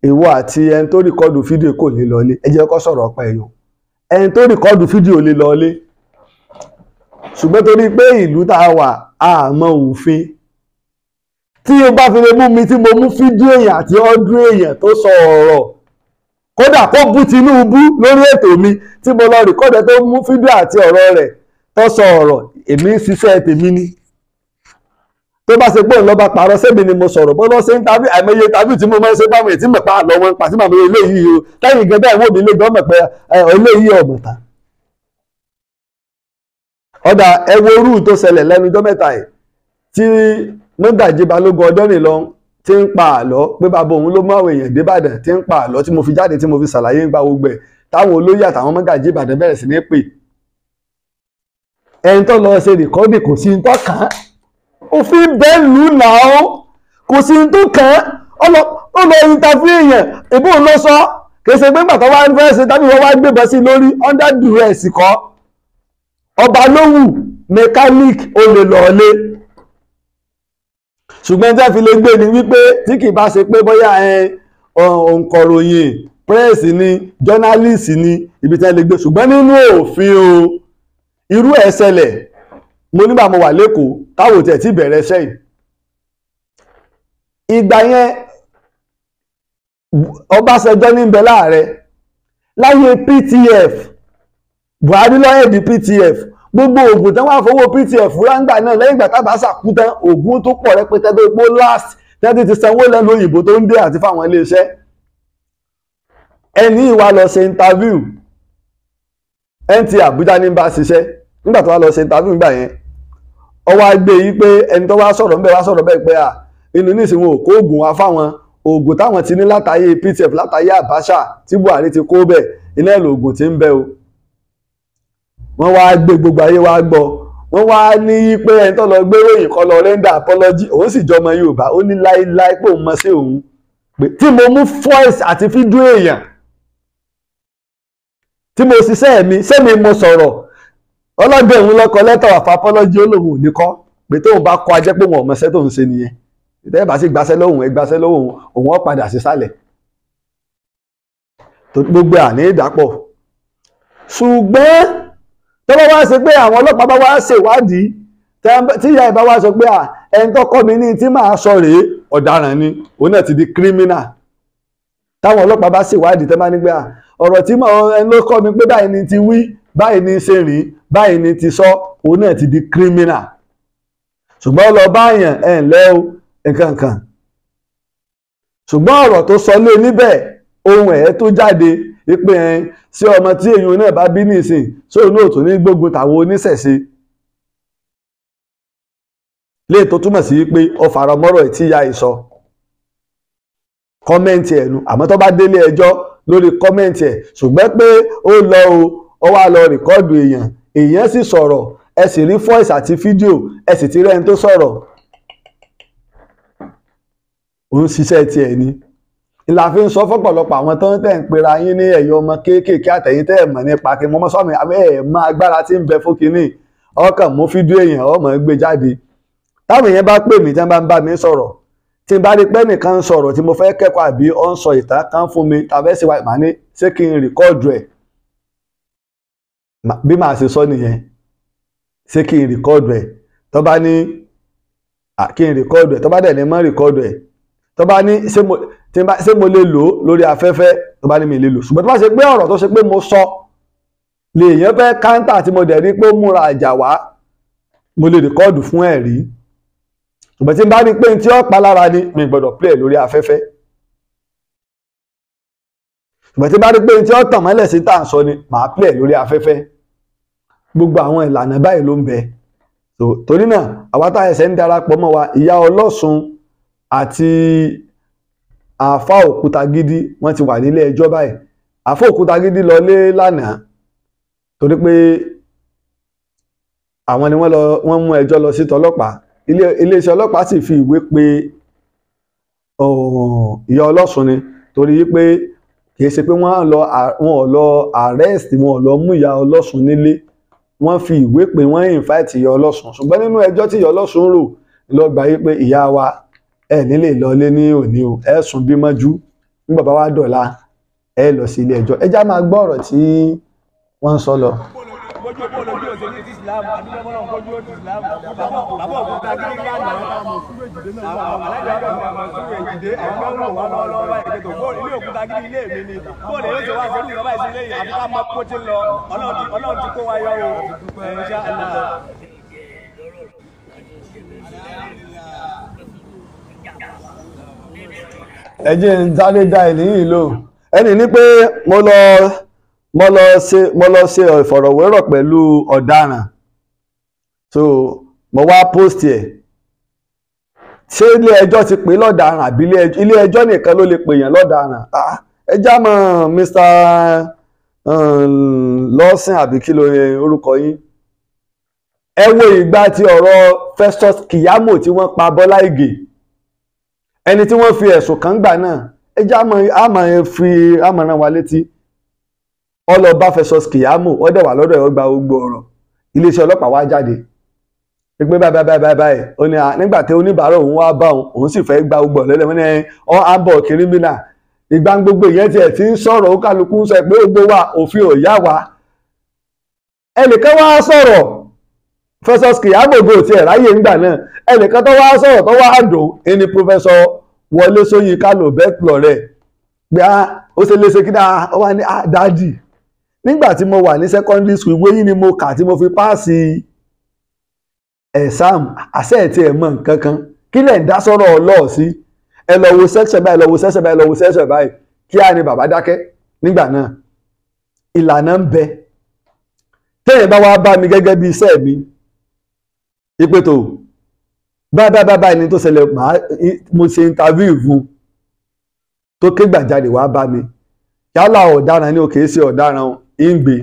ìwọ àti ẹni tó rìkọ́dù fídíò kò lè lọlé ẹ jẹ́ kó sọ̀rọ̀ ọ̀pá ẹ̀yàn ẹni tó rìkọ́dù fídíò lè lọlé ṣùgbọ́n torí pé ìlú tá a wà àmọ́ òfin tí o bá fi lè mú mi tí mo mú fídíò èèyàn àti ọdún èèyàn tó sọ ọ̀rọ̀ kódà kó bú Tinubu lórí ètò mi tí mo lọ rìkọ́dẹ̀ tó mú fídíò àti ọ̀rọ̀ rẹ̀ tó sọ ọ̀rọ̀ èmi ṣiṣẹ́ tèmi ni tó bá ṣe pé òun lọ́ba pààrọ̀ sẹ́mi ni mo sọ̀rọ̀ bọ́lá ṣe ń tàbí àìmọye tàbí tí mo máa ń ṣe báwọn ètí mọ̀pá àlọ́ wọn pàṣípàmọ́ eléyìí o táyì gẹ́gẹ́ ìwọ́de ilé gbọ́mọ̀ pé eléyìí ọ̀mọ̀ta ọ̀dà ẹwọ́rú tó ṣẹlẹ̀ lẹ́nu ọjọ́ mẹ́ta yìí tí mọ́gàjí balógun ọjọ́ nìlọ ti ń pa àlọ́ pé bàbá òun ló mú àwọn èèyàn dé Ìbàdàn ti ń pa àlọ́ tí mo fi jáde tí mo fi ṣàlàyé nípa gbogbo ẹ̀ táwọn olóyè àtàwọn mọ́gàjí Ìbàdàn bẹ̀rẹ̀ sí ní pè ẹni tó lọ ṣe rìkọ́dì kò sí tó kàn án òfin bẹ́ẹ̀ lù náà kò sí tó kàn án ó lọ interview èèyàn ìbò ló sọ kèsè gbégbà tó wá ń fẹ́ ṣe tábìlì wọn wá gbébọn sí lórí under duress kọ́ ọba lówù mechanic olè lọ́ọ́lé ṣùgbọ́n tẹ́ fi lè gbé ni wípé tí kì bá ṣe pé bóyá òǹkọ̀ròyìn press ni journalist ni ibi tẹ́ lè gbé ṣùgbọ́n nínú òfin o irú ẹ̀ ṣẹlẹ̀ mo nígbà mo wà lẹ́kọ̀ọ́ táwọn ò tẹ̀ tí bẹ̀rẹ̀ iṣẹ́ yìí ìgbà yẹn Ọbásanjọ́ ní bẹ láàrẹ láyé PTF Buhari lọ́yẹ̀ di PTF gbogbo oògùn tán wà fowó ptf ráńgbà náà lẹ́yìn ìgbà tábà sàkú tán oògùn tó pọ̀ rẹpẹtẹ tó gbó last tẹ́tí ti sanwó lẹ́nu òyìnbó tó ń dé àti fáwọn iléeṣẹ́ ẹni ìwà lọ ṣe interview nt Àbújá ní bá ṣiṣẹ́ nígbà tó wá lọ ṣe interview nígbà yẹn ọwọ́ agbé yìí pé ẹni tó wá sọ̀rọ̀ ń bẹ̀ wá sọ̀rọ̀ bẹ́ẹ̀ pé à inú nísìn wọn ò kó oògùn wá fáwọn oògùn táwọn ti ní látàyè ptf látàyè Abacha tí Buhari ti kó bẹ̀ iná ẹ̀ lóògùn ti ń bẹ o wọ́n wá gbé gbogbo ayé wá gbọ́ wọ́n wá ní pé ẹni tó lọ gbé ròyìn kọ́ lọ rẹ́ńdà apology òun sì jọmọ Yorùbá ó ní láéláé pé òun mọ sí òun pé tí mo mú voice àti fídíò èèyàn tí mo ṣiṣẹ́ mi sẹ́mi mo sọ̀rọ̀ ọlọ́gbẹ́ òun lọ́kọ̀ lẹ́tọ̀ àfapọ́lọ́jì olóhùn òní kọ́ pé tóun bá kọ́ ajẹ́ pé wọn ò mọṣẹ́ tóun ṣe nìyẹn ìtẹ́ bá sì gbaṣẹ́ lóhùn ẹ gbaṣẹ́ lóhùn òun ó padà sí sálẹ̀ tó gbogbo àní ìdápọ̀ ṣùgbọ́n tó bá wá ṣe pé àwọn ọlọ́pàá bá wá ṣèwádìí tí ìyá ẹ̀ wá sọ pé à ẹni mi ní tí màá sọ rèé ọ̀daràn ni òun náà ti di kírímínà táwọn ọlọ́pàá bá ṣèwádìí tẹ́ bá ní pé à ọ̀rọ̀ tí ẹni ló kọ́ mi pé báyìí ni ti wí báyìí ni ṣe rìn báyìí ni ti sọ òun náà ti di kírímínà ṣùgbọ́n lọ báyàn ẹ̀ ǹlẹ́ o nǹkan kan ṣùgbọ́n ọ̀rọ̀ tó sọ lé níbẹ̀ ohun ẹ̀ tó jáde wípé ẹn sí ọmọ tí èèyàn náà bá bí nìsín sóòrùn náà tó ní gbógun tàwọn oníṣẹ̀ṣe léè tó túmọ̀ sí wípé ọ̀fàrọ̀mọ́rọ̀ ẹ̀ tí ya ìsọ kọ́mẹ́ǹtì ẹ̀nu àmọ́ tó bá délé ẹjọ́ lórí kọ́mẹ́ǹtì ẹ̀ ṣùgbọ́n pé ó lọ o ó wá lọ rìkọ́ọ̀dù èèyàn èèyàn sì sọ̀rọ̀ ẹ sì rí voice àti fídíò ẹ sì ti rẹ́ni tó sọ̀rọ̀ òun ṣiṣẹ́ tiẹ̀ ni la fi ń sọ fọ́pọ̀lọpọ̀ àwọn tó ń tẹ̀ ń pera yín ní ẹ̀yọ́ ọmọ kéékèèké àtẹ̀yìn tẹ́ ẹ̀ mọ̀ nípa kí mọ́mọ́ sọ́mi ẹ̀ mọ agbára tí ń bẹ fún kínní ọkàn mú fídíò èèyàn ọmọ gbé jáde táwọn èèyàn bá pè mí tí wọ́n bá ń bá mi sọ̀rọ̀ tí n bá rí pẹ́ nìkan ń sọ̀rọ̀ tí mo fẹ́ kẹ́kọ̀ọ́ àbí ọ ń sọ ìtàn kan fún mi tàbẹ́ wa màá ṣé kí n rìkọ́ọ̀dù ẹ̀ bí màá ṣe sọ nìyẹn ṣé kí n rìkọ́ọ̀dù ẹ̀ tó bá ní kí n rìkọ́ọ̀dù ẹ̀ tó bá dẹ̀ ní mọ́ rìkọ́ọ̀dù ẹ̀ tó bá ní ṣé mo lè lò ó lórí afẹ́fẹ́ tó bá ní mi lè lò ṣùgbọ́n tó bá ṣe pé ọ̀rọ̀ tó ṣe pé mo sọ lèèyàn fẹ́ káńtà tí mo dẹ̀ rí pé ó múra àjà wá mo lè rìkọ́ọ̀dù fún ẹ̀rí ṣùgbọ́n tí n bá ní pé n tí ó pa lára ni mi gbọ́dọ̀ play lórí afẹ́fẹ́ ṣùgbọ́n tí bá rí pé tí ó tàn mọ́lẹ̀ sí tà ń sọ ni màá plẹ̀ lórí afẹ́fẹ́ gbogbo àwọn ìlànà báyìí ló ń bẹ torí náà àwa tá ẹsẹ̀ ń darapọ̀ mọ́ wa ìyá ọlọ́sùn àti àáfà òkútagídí wọ́n ti wà nílé ẹjọ́ báyìí àáfà òkútagídí lọlé lánàá torí pé àwọn ni wọ́n lọ wọ́n mú ẹjọ́ lọ sí tọlọ́pàá iléeṣẹ́ ọlọ́pàá sì fi ìwé pe oh, ìyá ọlọ́sùn ni torí pé kì í ṣe pé wọ́n lọ wọn ò lọ arrest wọn ò lọ mú ìyá ọlọ́sùn nílé wọ́n fi ìwé pe wọ́n invite ìyá ọlọ́sùn ṣùgbọ́n nínú ẹjọ́ tí ìyá ọlọ́sùn rò lọ gbà yí pé ìyá wa ẹ nílé lọlé ní òní o ẹ sùn bí mọ́jú ní bàbá wa dọ̀la ẹ lọ sí ilé ẹjọ́ ẹjá máa gbọ́ ọ̀rọ̀ tí wọ́n ń sọ lọ. Thank ẹ jẹ́ n sáré dá ẹni yìí lóhùn ẹni ní pé mo lọ mo lọ ṣe mo lọ ṣe ìfọ̀rọ̀wérọ̀ pẹ̀lú ọ̀daràn so mo wá post ẹ̀ ṣé ilé ẹjọ́ ti pè lọ́daràn àbí ilé ẹjọ́ nìkan ló lè pèèyàn lọ́daràn ẹ já mọ́ Mr um, Lawson àbí kí ló orúkọ yín ẹ wo ìgbà tí ọ̀rọ̀ Festus Kiyamo tí wọ́n pa Bọ́lá Ìgè ẹni tí wọ́n fi ẹ̀sùn kan gbà náà ẹ jẹ́ àmọ̀ ẹ fi àmọ̀ràn wa létí ọlọ́ọ̀bá fẹsọ̀s kìyàmù wọ́n dẹ̀ wà lọ́dọ̀ ẹ̀ ọgbà gbogbo ọ̀rọ̀ iléeṣẹ́ ọlọ́pàá wá jáde pé báyìí báyìí báyìí báyìí ó ní nígbà tí oníbàárà òun wá bá òun òun sì fẹ́ gba gbogbo ọ̀lẹ́lẹ̀ wọ́n ní ọ́ àbọ̀ kìrìmìnà ìgbà gbogbo ìyẹn tiẹ̀ ti ń sọ̀rọ̀ ó kálukú ń sọ pé gbogbo wa òfin ò yá wa ẹnìkan wá sọ̀rọ̀ professor Kyagbogo ti ẹ̀ ráyè ńgbà náà ẹnìkan tó wá sọ̀rọ̀ tó wá àdùn ẹni professor Wọlé Ṣóyínká ló bẹ́ẹ̀ pọ̀ rẹ̀ pé ah, ó ṣe léṣe kí dáa ah, ó wá ní ah, dáàdì nígbà tí mo wà ní secondary school ìwé yìí ni mo kà tí mo fi páàsì exam àṣẹ ẹ̀ tí ẹ̀ mọ̀ nǹkan kan kí lẹ̀ ń dá sọ̀rọ̀ ọlọ́ọ̀ sí ẹ lọ wo section báyìí lọ wo section báyìí lọ wo section báyìí kí á ní bàbá dákẹ́ nígbà náà ìlànà ń bẹ tẹ́yìn bá wá bá mi gẹ́gẹ́ bí iṣẹ́ mi ìpètò báyìí báyìí báyìí ni tó ṣẹlẹ̀ mo ṣe interview fún tó ké gbàjáde wá bá mi yálà ọ̀daràn ni o kì í ṣe ọ̀daràn ìgbé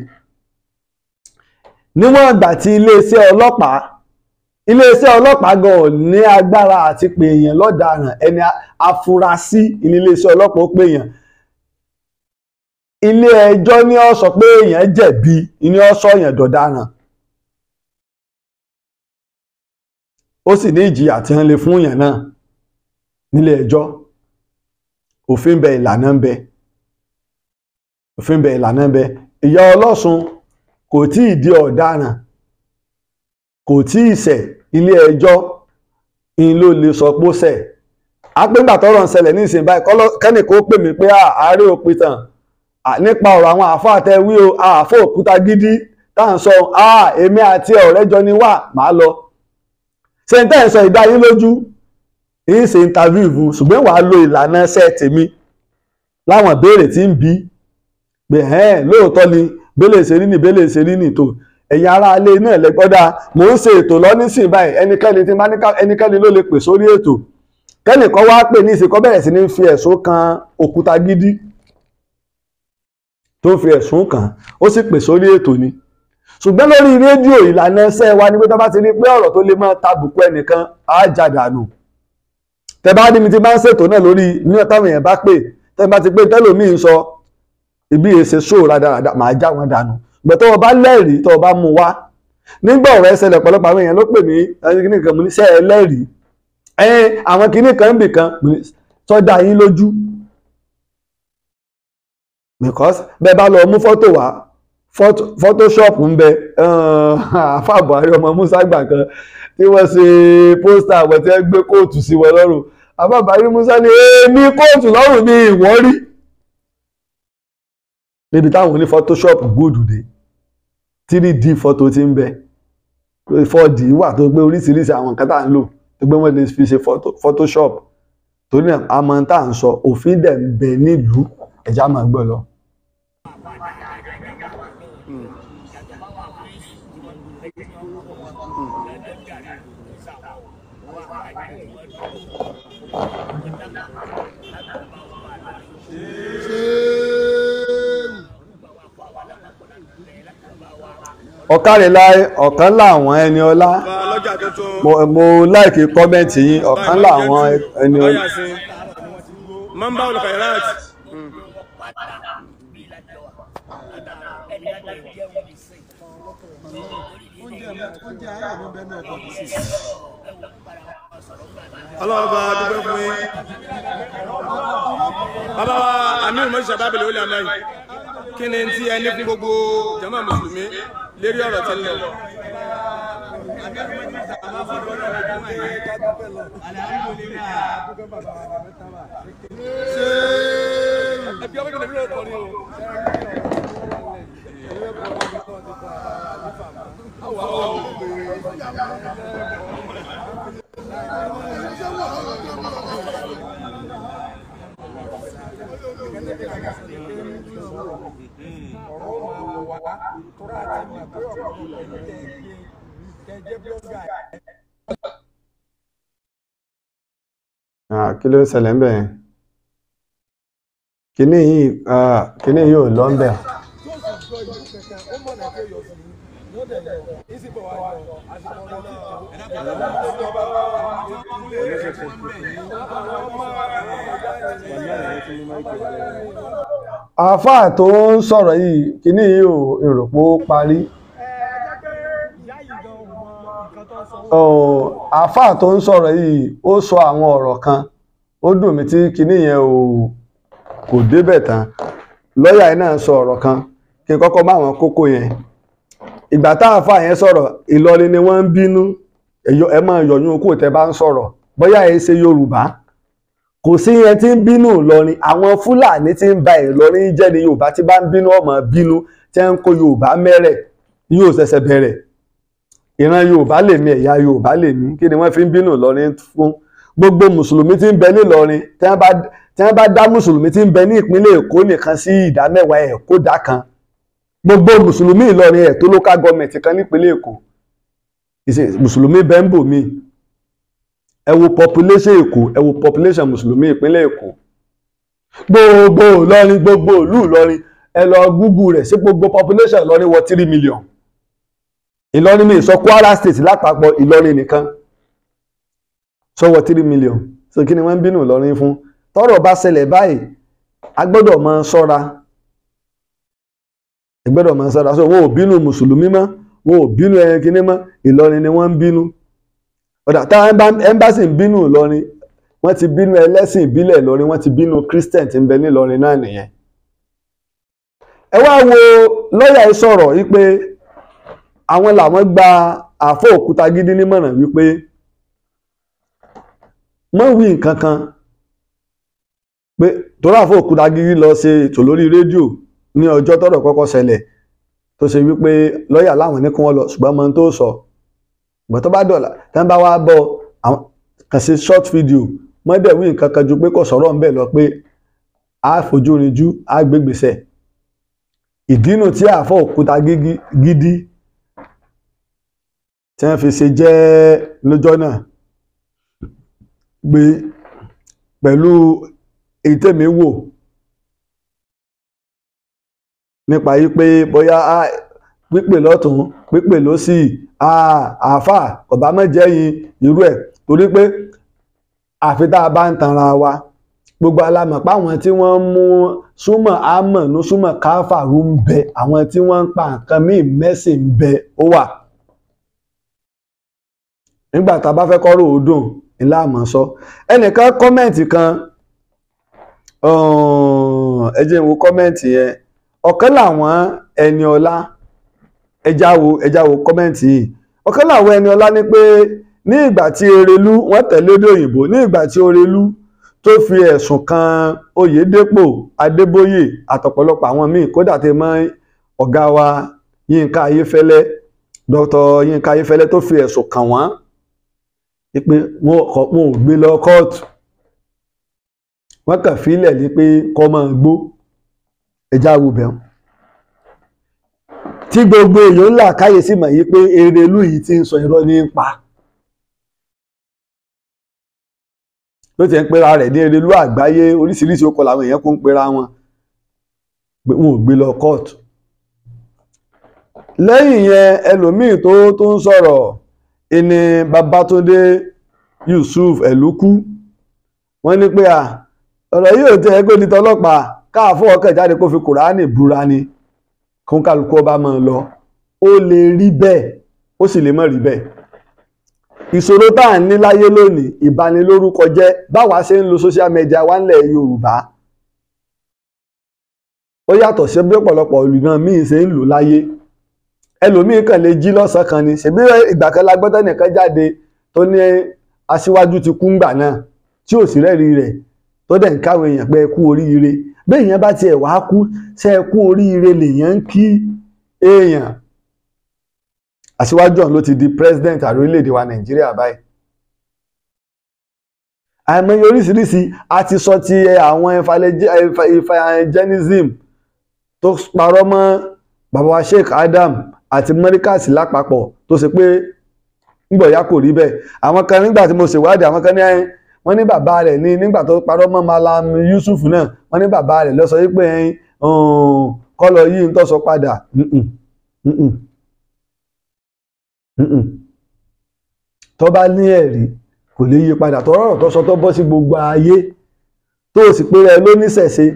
níwọ̀n ìgbà tí iléeṣẹ́ ọlọ́pàá iléeṣẹ́ ọlọ́pàá gan-an ní agbára àti pèèyàn lọ́daràn ẹni afurasí iléeṣẹ́ ọlọ́pàá ó pèèyàn ilé ẹjọ́ ní ó sọ pé èèyàn jẹ̀bi ní ó sọ èèyàn dọ̀daràn ó sì ní ìjìyà tí wọ́n lè fún yàn náà nílé ẹjọ́ òfin bẹ ìlànà bẹ òfin bẹ ìlànà bẹ ìyá ọlọ́sùn di ọ̀daràn kò tí ì ṣẹ̀ ilé ẹjọ́ in ló lè sọ pé ó ṣẹ̀ àpéǹgbà tọrọ ń ṣẹlẹ̀ ní ìsìn báyìí kẹ́nìkan nipa pè mí pé àárẹ òpin tàn nípa o òkúta gidi tá ń sọ èmi àti ọ̀rẹ́ sẹ́ńtẹ́ ìsọ ìdáyé lójú yìí ṣe interview fún ṣùgbọ́n wàá lo ìlànà iṣẹ́ tèmi láwọn ìbéèrè tí ń bí pé ẹ̀ lóòótọ́ ni bẹ́lẹ̀ ṣe rí ni bẹ́lẹ̀ ṣe rí ni tó ẹ̀yin ará ilé náà lẹ́gbọ́dá mò ń ṣe ètò lọ́nísìn báyìí ẹnikẹ́ni tí ẹnikẹ́ni ló lè pè sórí ètò kẹ́nìkan wá pè ní ìsìnkọ́ bẹ̀rẹ̀ sí ní fi ẹ̀sùn kan òkúta gidi tó fi ẹ̀sùn kan ó sì pè sórí ètò ni ṣùgbọ́n lórí rédíò ìlànà ẹsẹ̀ wa ni pé tó bá ti rí pé ọ̀rọ̀ tó lè máa tàbùkù ẹnìkan á jàdánù tẹ bá ní mi ti máa ń ṣètò náà lórí ní ọ̀táwọn èèyàn bá pè tẹ bá ti pé tẹlòmíì ń sọ ibi èsè ṣòro rádaràdà máa já wọn dànù gbẹ tó o bá lẹ́rìí tó o bá mú wá nígbà ọ̀rọ̀ ẹsẹ̀ lẹ̀ pọ̀lọpọ̀ àwọn èèyàn ló pè mí ẹni kìíní kan mo ní sẹ́ ẹ lẹ́rìí ẹ̀ẹ́n àwọn kìíní bì kan tọ́da yín lójú because bẹ́ẹ̀ bá lọ mú fọ́tò wá photoshop ń bẹ àfa buhari ọmọ musa gbà kan tí wọ́n ṣe pósítà àwọn tí wọ́n gbé kóòtù sí wọn lọ́rùn àfa buhari musa ní èmi kóòtù lọ́rùn ni ìwọ́n rí níbi táwọn ní photoshop gbòdù dé 3d photo ti ń bẹ 4d wà tó gbé oríṣiríṣi àwọn nǹkan tá à ń lò tó gbé wọn lè fi ṣe photoshop torí àmọ́ tá à ń sọ òfin dẹ̀ ń bẹ nílùú ẹ̀já máa gbọ́ lọ. ọ̀kárẹ̀ láì ọ̀kan láwọn ẹni ọlá mo láìkí kọ́mẹ́ǹtì yín ọ̀kan láwọn ẹni ọlá ọlọ́ọ̀bá dúpẹ́ fún yín bàbá wa aminu mọ́ṣẹ́ bábìlì ó lè ọ̀la yìí kí ni ti ẹ fún gbogbo jama mùsùlùmí lérí ọ̀rọ̀ tí ń lọ. ṣé ẹbí ọmọ ìgbìmọ̀ ìlú ọkọ ni o. ọ̀rọ̀ máa wà tọ́ra àti màkúrò ọ̀pọ̀ ìgbẹ́ kíní yìí kíní yìí ò lọ ń bẹ̀. àáfàá tó ń sọ̀rọ̀ yìí kíní yìí ò èrò pó parí àáfàá tó ń sọ̀rọ̀ yìí ó sọ àwọn ọ̀rọ̀ kan ó dùn mí tí kíní yẹn ò kò débẹ̀ tán lọ́ọ̀yà yìí náà sọ ọ̀rọ̀ kan kí n kọ́kọ́ bá àwọn kókó yẹn ìgbà tá àfa yẹn sọ̀rọ̀ Ìlọrin ni wọ́n ń bínú ẹ máa yọ̀yún okó tẹ bá ń sọ̀rọ̀ bóyá ẹ ṣe Yorùbá kò sí yẹn tí ń bínú Ìlọrin àwọn Fúlàní tí ń ba Ìlọrin jẹ́ ni Yorùbá tí bá ń bínú ọmọ bínú tí ń kó Yorùbá mẹ́rẹ̀ yóò ṣẹ̀ṣẹ̀ bẹ̀rẹ̀ ìran Yorùbá lèmi ẹ̀yà Yorùbá lèmi kí ni wọ́n fi ń bínú Ìlọrin fún gbogbo mùsùlùmí tí ń bẹ nílọrin tí wọ́n bá tí wọ́n bá dá mùsùlùmí tí ń bẹ ní ìpínlẹ̀ èkó nìkan sí ìdá mẹ́wàá ẹ̀ kó dá kan gbogbo mùsùlùmí ìlọrin ẹ̀ tó local government kan nípínlẹ̀ èkó mùsùlùmí bẹ́ńbò mi ẹ wo population èkó ẹ wo population mùsùlùmí ìpínlẹ̀ èkó gbogbo ìlọrin gbogbo ìlú ìlọrin ẹ lọ google rẹ̀ sí gbogbo population ìlọrin wọ three million ìlọrin mi sọ kwara state lápapọ̀ ìlọrin nìkan sọ wọ three million so kí ni wọ́n ń bínú ìlọrin fún tọ́rọ̀ bá ṣẹlẹ̀ báyìí a gbọ́dọ̀ máa ṣọ́ra a gbọ́dọ̀ máa ṣọ́ra so wọn ò bínú mùsùlùmí mọ́ wọn ò bínú ẹyin kínní mọ́ Ìlọrin ni wọ́n ń bínú ọ̀dà táwọn ẹmbásì ń bínú Ìlọrin wọ́n ti bínú ẹlẹ́sìn ìbílẹ̀ Ìlọrin wọ́n ti bínú Christian ti ń bẹ nílọrin náà nìyẹn ẹ wá wo lọ́ọ̀yà yìí sọ̀rọ̀ wípé àwọn làwọn gba àfọ òkúta gidi nímọ̀ràn wípé mọ̀ wí nǹkan kan pé toráfò Kúdagiri lọ ṣe ètò lórí rédíò ní ọjọ́ tọ́rọ̀ kọ́kọ́ ṣẹlẹ̀ tó ṣe wípé lọ́ọ̀yà láwọn ní kí wọ́n lọ ṣùgbọ́n mọ tó sọ ìgbà tó bá dọ̀là tẹ́ ń bá wá bọ̀ kàn sí short video mọ́dẹ̀wí nǹkan kan ju pé kò sọ̀rọ̀ ńbẹ̀ lọ pé a fojú rinjú a gbégbèsẹ̀ ìdínú tí àfọ Kúdagiri gidi tí wọ́n fi ṣe jẹ́ lọ́jọ́ náà pẹ̀lú èyí tẹ̀mí wò nípa yí pé bóyá pípè lọ́tún pípè lọ́sì àáfà ọ̀bá má jẹ́yìn irú ẹ̀ torí pé àfi tá a bá ń tanra wa gbogbo alamọ̀ páwọn tí wọ́n mú súnmọ̀ àmọ̀nú súnmọ̀ káfàrú ń bẹ àwọn tí wọ́n ń pa nǹkan míì mẹ́sìn ń bẹ ó wà nígbà tá a bá fẹ́ kọ́rọ̀ òdùn ńlá àmọ́ sọ ẹnìkan kọ́mẹ̀ntì kan Oh, ẹ jẹ́ wo kọ́mẹ́ǹtì yẹn ọ̀kan làwọn ẹni ọlá ẹjá wo ẹjá wo kọ́mẹ́ǹtì yìí ọ̀kan làwọn ẹni ọlá ní pé ní ìgbà tí Erelu wọ́n tẹ̀lé dé òyìnbó ní ìgbà tí Erelu tó fi ẹ̀sùn kan Oyèdèpọ̀ Adébóyè àtọ̀pọ̀lọpọ̀ àwọn míì kódà tẹ mọ́ ọ̀gá wa Yínká Ayéfẹ́lẹ́ Dr. Yínká Ayéfẹ́lẹ́ tó fi ẹ̀sùn kàn wọ́n pé wọn ò gbé lọ kóòtù wọ́n kàn fílẹ̀ ní pé kọ́ máa gbó ẹja wo bẹ̀rù tí gbogbo èèyàn ńlá káyè sí mọ̀ yí pé erelú yìí ti ń sọ irọ́ ní pa ló ti ń pera rẹ̀ ní erelú àgbáyé oríṣiríṣi ó kọ làwọn èèyàn kún ń pera wọn pé wọn ò gbé lọ kóòtù lẹ́yìn yẹn ẹlòmíì tó tó ń sọ̀rọ̀ ìní Babátúndé Yusuf Ẹ̀lúkú wọ́n ní pé à ọ̀rọ̀ yìí ò tẹ́ ẹ pé ní tọlọ́pàá káàfọ́ ọkọ̀ ìjáde kó fi kùránì búra ni kó ń kálukú ọba máa lọ ó lè rí bẹ́ẹ̀ ó sì lè má rí bẹ́ẹ̀ ìṣòro tá à ń ní láyé lónìí ìbanilórúkọ jẹ́ báwa ṣe ń lo social media wa ńlẹ̀ Yorùbá ó yàtọ̀ sí bí ọ̀pọ̀lọpọ̀ olùgbọ́n míì ṣe ń lò láyé ẹlòmíì kàn lè jí lọ́sàn kan ni ṣèbí ìgbà kan la gbọ́dọ̀ nìkan jáde tó ní aṣíwájú ti kú ńgbà náà tí ò sí rẹ́rìí rẹ̀ tó dẹ̀ ń káwọn èèyàn pé ẹ kú oríire bẹ́ẹ̀ èèyàn bá tiẹ̀ wá kú ṣe ẹ kú oríire lèèyàn ń kí èèyàn Aṣíwájú ọ̀hún ló ti di president àrò orílẹ̀-èdè wa Nàìjíríà báyìí àìmọye oríṣiríṣi a ti sọ ti eh, àwọn ìfàyàjẹnism tó parọ́ mọ́ bàbá wa Adam àti Mọ́ríkàs lápapọ̀ tó ṣe pé ńgbọ̀yà kò rí bẹ́ẹ̀ àwọn kan nígbà tí mo ṣèwádìí àwọn kan ní wọ́n ní bàbá rẹ̀ ní nígbà tó parọ́ mọ́ Malam Yusuf náà wọ́n ní bàbá rẹ̀ ló sọ pé um, kọ́lọ̀ yìí ń tọ́sọ padà tó bá ní ẹ̀rí kò lè yí padà tọ́rọ̀ tó sọ tó bọ́ sí gbogbo ayé tó sì pé rẹ ló níṣẹ̀ṣe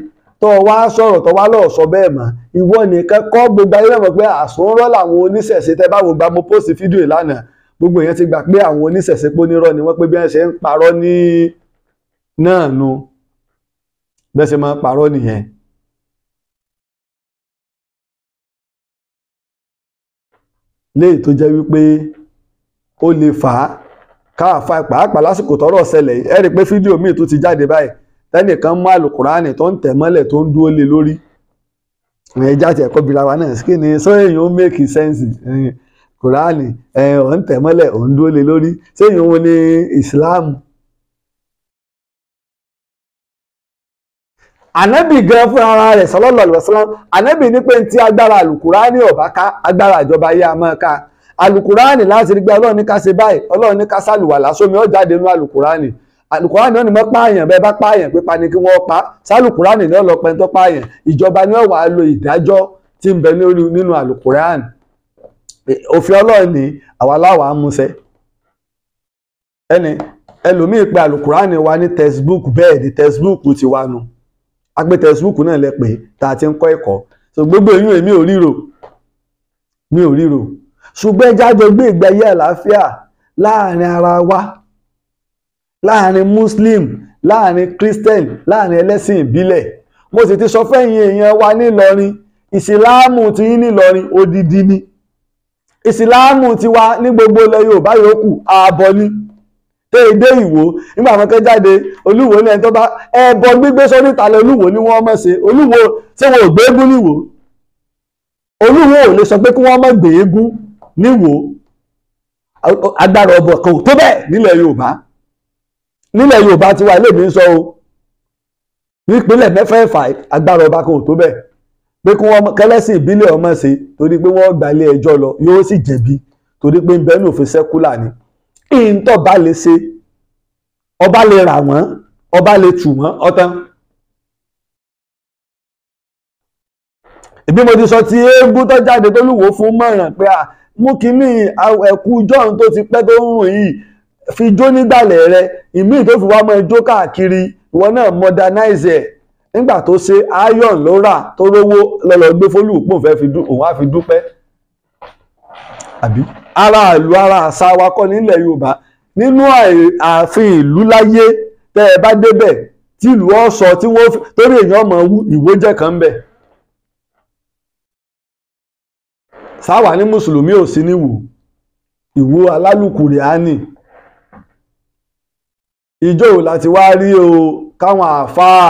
tó wá sọ̀rọ̀ tó wá lọ́ọ̀ sọ bẹ́ẹ̀ mọ́ ìwọ nìkan kọ́ gbogbo ayé mọ̀ pé àsùnrọ̀ làwọn oníṣẹ̀ṣe tẹ́ bá wo gbàgbó pósì fídíò lánàá gbogbo èèyàn ti gbà pé àwọn oníṣẹ̀ṣepó nírọ́ ni wọ́n pé bí wọ́n ṣe ń parọ́ ní náà nu bẹ́ẹ̀ ṣe máa ń parọ́ nìyẹn. léyìí tó jẹ́ wípé ó lè fà á káàfa pàápàá lásìkò tọ́rọ̀ ṣẹlẹ̀ ẹ rí i pé fídíò míì tó ti jáde báyìí tẹ́nìkan mú àlùkùránì tó ń tẹ̀ mọ́lẹ̀ tó ń dúró lé lórí ẹ̀yìn jáde ẹ̀kọ́ bíra wa náà kí ni sọ èèyàn ó make sense kùránì ẹ ọ̀ ń tẹ̀ mọ́lẹ̀ ọ̀ ń dúró lé lórí sẹ́yìn òun ni islam. ànábì gan fún ara rẹ̀ sallallahu alaihi wasallam ànábì ní pé ti agbára àlùkùránì ọ̀bá ká agbára ìjọba yé a máa ká alukurani láti rí gbé ọlọ́run ní ká ṣe báyìí ọlọ́run ní ká sálùwàlá sómi ó jáde nínú alukurani alukurani náà ni wọ́n pààyàn bẹ́ẹ̀ bá pààyàn pípa ni kí wọ́n pa sálùkurani náà lọ pẹ́ńtọ́ pààyàn ìjọba ni wọ́n wàá lo ìdájọ́ tí ń bẹ nínú alukurani. òfin ọlọ́run ni àwa láwa á múṣẹ ẹni ẹlòmíì pe wa ní textbook bẹ́ẹ̀ ni textbook ti wá nu a pé textbook náà lẹ pé tá a ti ń kọ́ ẹ̀kọ́ so gbogbo eyín èmi ò ríro mi ò ríro ṣùgbọ́n ẹja jọ gbé ìgbé ayé àlàáfíà láàrin ara wa láàrin muslim láàrin christian láàrin ẹlẹ́sìn ìbílẹ̀ mo sì ti sọ fẹ́yìn èèyàn wa nílọrin ìsìláàmù ti yín nílọrin odidi ni. ìsìláàmù tiwa ní gbogbo ilẹ̀ yorùbá yòókù ààbọ̀ ni tẹ ìdé ìwò nígbà àwọn kan jáde olúwo ní ẹni tó bá ẹbọ gbígbé sórí egwu olúwo ni wọ́n mọ̀ ṣe olúwo tí wọn ò gbé eégún níwò olúwo ò lè sọ pé kí wọ́n gbé tiwa ilé mi sọ o nípínlẹ̀ mẹ́fẹ̀ẹ̀fà agbára ọba kan ò tó pé kí wọ́n kẹlẹ́sìn ìbílẹ̀ ọmọ ṣe torí pé wọ́n gbalé ẹjọ́ lọ yóò sì jẹ̀bi torí pé ń ní òfin sẹ́kúlà ni ìǹtọ́ bá lè ṣe ọba lè rà wọ́n ọba lè tù wọ́n mo ti sọ ti eégún tó jáde tó lùwò john tó ti pẹ́ tó fi jó nígbàlẹ̀ rẹ ìmíì tó fi wá mọ́ nígbà tó ṣe iron ló rà tó rówó lọ́lọ́ gbé fólú pò fẹ́ fi dún òun á fi dúpẹ́ àbí ara ìlú ara àṣà wa kọ́ nílẹ̀ Yorùbá nínú ààfin ìlú láyé tẹ́ ẹ bá débẹ̀ tí ìlú ọ̀sọ̀ tí wọ́n torí èèyàn mọ̀ ìwó jẹ́ kan bẹ̀. sáwà ní mùsùlùmí ò sí níwò ìwò alálùkùrì áni ìjọ òun láti wá rí o káwọn àáfàá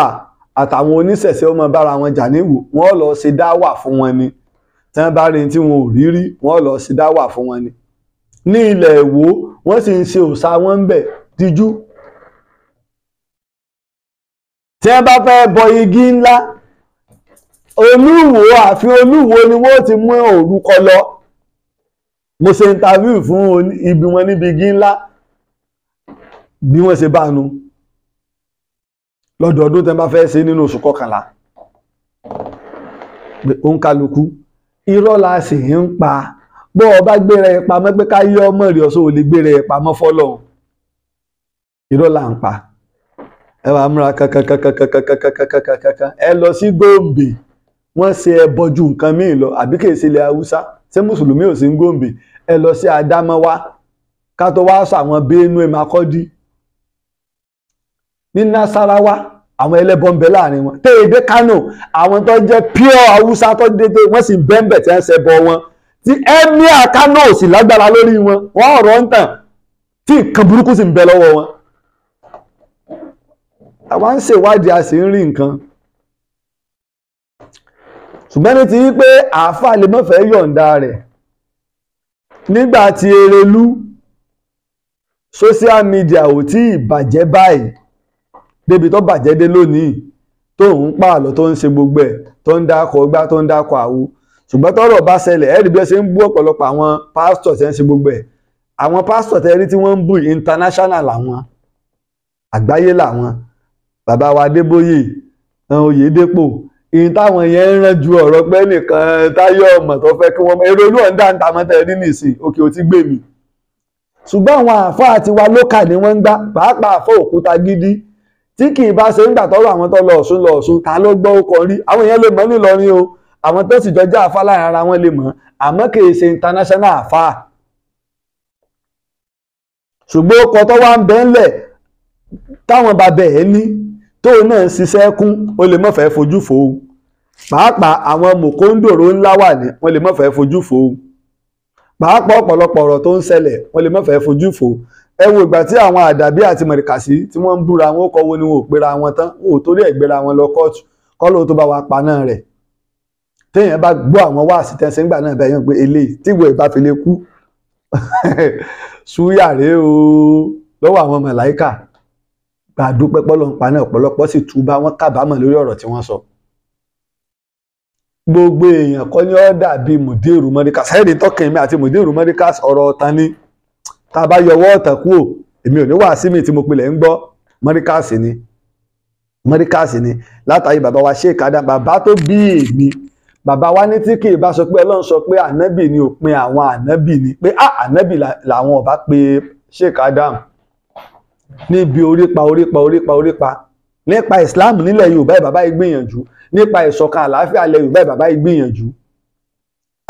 àtàwọn oníṣẹ̀ṣẹ̀ ó máa bára wọn jà níwò wọ́n lọ ṣe dáwà fún wọn ni tí wọ́n bá rí tí wọn ò rí rí wọ́n lọ ṣe dáwà fún wọn ni ní ilẹ̀ èwo wọ́n sì ń ṣe òòṣà wọn ń bẹ̀ díjú tí wọ́n bá fẹ́ bọ igi ńlá olúwo àfi olúwo ni wọ́n ti mú orúkọ lọ mo ṣe interview fún ibi wọn níbi igi ńlá bí wọ́n ṣe bá nu lọ́dọọdún tẹ́ bá fẹ́ ṣe nínú oṣù kọkànlá ó ń kálukú irọ́ la sì ń pa bó o bá gbéra ẹ pamọ́ pé ká yọ ọmọ rẹ̀ ọ̀ṣọ́ ò lè gbéra ẹ pamọ́ fọ́lọ́hún irọ́ là ń pa ẹ wàá múra kankankankankankankankankankan ẹ lọ sí Gombe wọ́n ṣe ẹbọ ju nǹkan míì lọ àbí kì í ṣe ilẹ̀ Haúsá àwọn ẹlẹ́bọn bẹ láàrin wọn téèdé kánò àwọn tó jẹ́ pure haúsá tó dédé wọ́n sì bẹ́ńbẹ̀ tí wọ́n ṣe bọ wọn tí emir kánò sì lágbára lórí wọn wọ́n ọ̀rọ̀ ń tàn tí nǹkan burúkú sì ń bẹ lọ́wọ́ wọn. àwa ń ṣèwádìí a sì ń rí nǹkan ṣùgbọ́n ní ti rí pé àáfàá lè mọ̀fẹ́ yọ̀ǹda rẹ̀ nígbà tí Erelu social media ò tí ì bàjẹ́ báyìí débi tó bàjẹ́ dé lónìí tó ń pààlọ́ tó ń ṣe gbogbo ẹ̀ tó ń dákọ̀ gbá tó ń dákọ̀ àwo ṣùgbọ́n tọ́rọ̀ bá ṣẹlẹ̀ ẹ̀rí bí wọ́n ṣe ń bú ọ̀pọ̀lọpọ̀ àwọn pásítọ̀ ṣe ń ṣe gbogbo ẹ̀ àwọn pásítọ̀ tẹ́rí tí wọ́n ń bú international làwọn àgbáyé làwọn bàbá wa Adébóyè Oyèdépò ìyìn táwọn yẹn ń rán ju ọ̀rọ̀ pé nìkan táyọ̀ ọmọ tó fẹ́ kí wọ́n mọ èrò olúwọ̀n dáńtà mọ́tẹ́rí nìsín òkè ò ti gbé mi ṣùgbọ́n àwọn àáfàá tiwa lókà ni wọ́n ń gbá pàápàá àáfàá Òkútagídí tí kì í bá ṣe ń gbà tọ́rọ̀ àwọn tó lọ Ọ̀ṣun lọ Ọ̀ṣun ta ló gbọ́ ó àwọn èèyàn lè mọ́ nílọrin o àwọn tó sì jọjá àfa láàrin ara wọn lè mọ́ àmọ́ kì í ṣe international àfa ṣùgbọ́n ó kọ tó wá ń bẹ́ ńlẹ̀ táwọn bàbá ẹ̀ ní tóun náà ṣiṣẹ́ kún o lè mọ̀fẹ́ fojú fo pàápàá àwọn mòkóńdòrò ńlá wà ní wọ́n ẹ wo ìgbà tí àwọn àdàbí àti mọ̀rìkàsí tí wọ́n ń búra wọn ó kọ́ wo ni wọn ò pera wọn tán wọn ò torí ẹ̀ gbéra wọn lọ kóòtù kọ́lọ́ tó bá wa pa náà rẹ̀ téèyàn bá gbọ́ àwọn wáàsí tẹ́sẹ̀ ńgbà náà bẹ́ẹ̀ pé eléyìí tíwèé bá fi lè kú ṣúyà rèé o lọ́wọ́ àwọn màláíkà gbàdú pẹ́pọ́ ló ń pa náà ọ̀pọ̀lọpọ̀ sì túbá wọn kábàámọ̀ lórí ọ̀rọ̀ tí wọ́n sọ. gbogbo èèyàn kọ́ ni ó dàbí mùdírù mọ́ríkàs ẹ̀rí tọ́kàn mi àti mùdírù mọ́ríkàs ọ̀rọ̀ ọ̀tán ni tá a bá yọwọ́ ọ̀tàn kúrò èmi ò ní wà sí mi tí mo pilẹ̀ ń gbọ́ mọ́ríkàsì ni mọ́ríkàsì ni látàrí bàbá wa ṣe ìkádà bàbá tó bí èmi bàbá wa ní tí kì í bá sọ pé ọlọ́run sọ pé ànábì ni òpin àwọn ànábì ni pé ah ànábì làwọn ọba pe Sheikh Adam níbi orípa orípa orípa orípa nípa Islam nílẹ̀ Yorùbá bàbá yìí gbìyànjú nípa ìṣọ̀kan àlàáfíà ilẹ̀ Yorùbá bàbá yìí gbìyànjú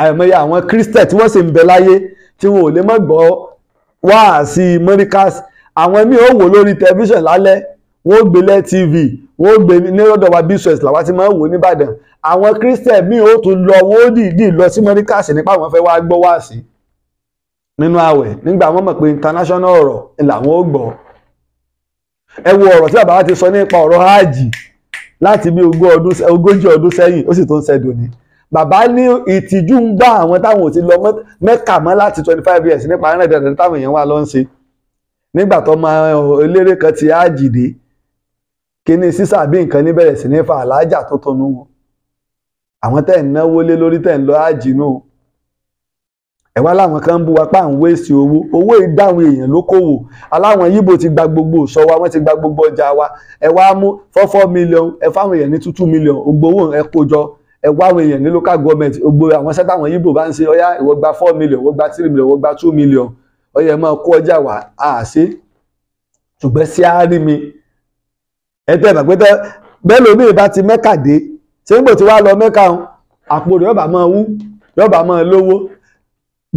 àìmọye àwọn Christian tí wọ́n sì ń bẹ láyé tí wọn ò lè mọ́ gbọ́ wáàsí mọ́ríkàsì àwọn ẹ̀mí ò wò lórí tẹlifíṣàn lálẹ́ wọ́n gbé lẹ́ tv wọ́n gbé ní lọ́dọ̀ wa bíṣọ̀s làwa ti máa ń wò nìbàdàn àwọn christian míì ó tún lọ wọ́n dìídì lọ sí mọ́ríkàsì nípa àwọn fẹ́ wá gbọ́ wáàsí nínú àwẹ̀ nígbà wọ́n mọ̀ pé international ọ̀rọ̀ làwọn ó gbọ́ ẹ wo ọ̀rọ̀ tí bàbá wa ti sọ nípa ọ̀rọ̀ háàjì láti bí ogójì ọdún sẹ́yìn ó sì tó ń ṣẹdùn ni bàbá ní ìtìjú ń bá àwọn táwọn ò ti lọ mẹ́kà mọ́ láti twenty five years nípa ẹ̀rìn dandan táwọn èèyàn wà lọ ń ṣe nígbà tó ma eh, eléré kan ti ájìdé kíní sísà bí nǹkan ní bẹ̀rẹ̀ sí ní fa àlájà tó tonú wọn àwọn tẹ̀ ń náwó lé lórí tẹ̀ ń lọ ájìnú ẹ wá láwọn kan ń bú wa pa à ń wéèsì owó owó ìdáhùn èèyàn lókòwò aláwọn yíbo ti gba gbogbo ìsọ wa wọ́n ti gba gbogbo ọjà wa ẹ wá mú four four million ẹ fáwọn èèyàn ní two two million gbowó ẹ kó jọ ẹ wá àwọn èèyàn ní local government gbogbo àwọn sẹ́tà àwọn yíbò bá ń ṣe ọyá ìwọ gba four million ìwọ gba three million ìwọ gba two million ọyẹ máa kó ọjà wá á ṣe ṣùgbọ́n sí àárín mi ẹ tẹ́ bàgbé tẹ́ bẹ́ẹ̀ lómi ìbá ti mẹ́kà dé ṣé nígbà tí wàá lọ mẹ́kà ń àpò rẹ̀ yọ̀bà máa wú yọ̀bà máa lówó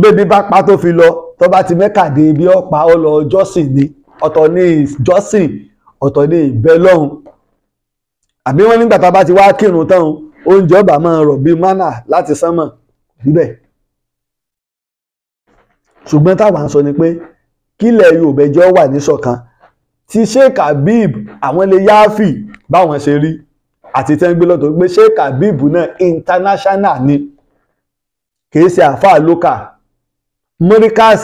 bébí bá pa tó fi lọ tó bá ti mẹ́kà dé ibi ọ̀pá ọlọ jọ́sìn ni ọ̀tọ̀ ní jọ́sìn ọ̀tọ̀ ní ìbẹ́lọ́hùn àbí wọ́n nígbà tá a bá ti wá kírun tán oúnjẹ ọba máa rọ̀ bíi mánà láti sánmọ̀ níbẹ̀ ṣùgbọ́n táwa ń sọ ni pé kílẹ̀ yorùbẹ́jọ́ wà níṣọ̀kan ti sheikh habib àwọn lè yááfì báwọn ṣe rí àti tẹ́ńgbé lọ́tọ̀ pé sheikh habib náà international ni kìí ṣe àfáà lókà morikas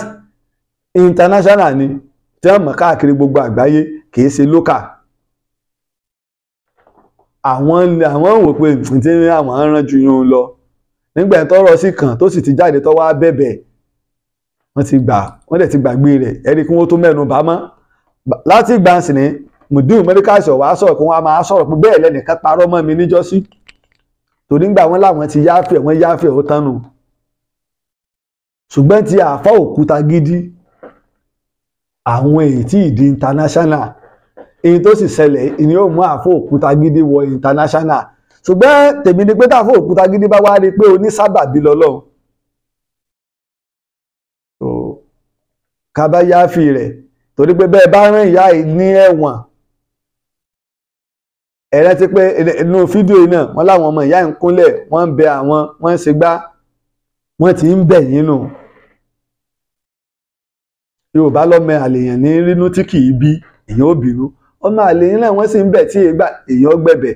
international ni tẹ́ mọ̀ káàkiri gbogbo àgbáyé kìí ṣe lókà àwọn àwọn wò pé tí àwọn rán ju yún un lọ nígbà tọ́rọ̀ sì kàn tó sì ti jáde tó wá bẹ̀bẹ̀ wọ́n ti gbà wọ́n dẹ̀ ti gbàgbé rẹ̀ ẹni kí wọ́n tó mẹ́nu bá mọ́ láti gbà sí ni mùdíù mẹ́ríkàsì ọ̀wá sọ̀rọ̀ kí wọ́n á máa sọ̀rọ̀ pé bẹ́ẹ̀ lẹ́nìkan parọ́ mọ́ mi níjọ́sí torí ńgbà wọn láwọn ti yáfẹ́ wọn yáfẹ́ ó tánu ṣùgbọ́n ti àfọ́ òkúta gidi àwọn èyí tí ìdí international èyí tó sì ṣẹlẹ̀ ìní yóò mú àfọ òkúta gidi wọ international ṣùgbọ́n tèmi ni pé táfọ òkúta gidi bá wá rí i pé onísábàbí lọ́lọ́run kaba yááfì rẹ̀ torí pé bẹ́ẹ̀ bá rán ìyá yìí ní ẹ̀wọ̀n ẹ̀rẹ́ ti pé inú fídíò yìí náà wọ́n láwọn ọmọ ìyá yìí ń kúnlẹ̀ wọ́n ń bẹ àwọn wọ́n ń ṣe gbá wọ́n ti ń bẹ̀ yín nù Yorùbá lọ́mọ àlèyàn ní rínú tí kì í bí èyàn ó bínú ọmọ àlè yín náà wọ́n sì ń bẹ̀ tí ègbà èèyàn gbẹ̀bẹ̀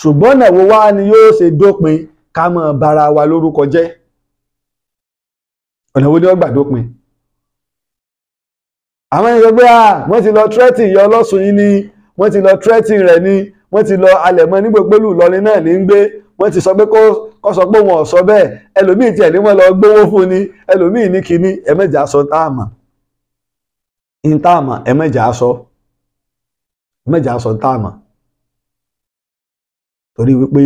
ṣùgbọ́n ọ̀nà wo ni yóò ṣe dópin ká mọ̀ bara wa lórúkọ jẹ́ ọ̀nà wo ni wọ́n gbà dópin àwọn ẹni sọ pé à wọ́n ti lọ tírẹ́tì ìyá ọlọ́sùn yín ni wọ́n ti lọ tírẹ́tì rẹ̀ ni wọ́n ti lọ alẹ̀mọ́ nígbè pẹ̀lú náà ní ń gbé wọ́n ti sọ pé kó sọ pé wọn ò sọ bẹ́ẹ̀ ẹlòmíì tiẹ̀ ní wọ́n lọ gbówó fún ni ẹlòmíì ní kinní ẹ̀mẹ́jà sọ táàmà ní táàmà ẹ̀mẹ́jà sọ. So mẹ́jà sọ táàmù torí wípé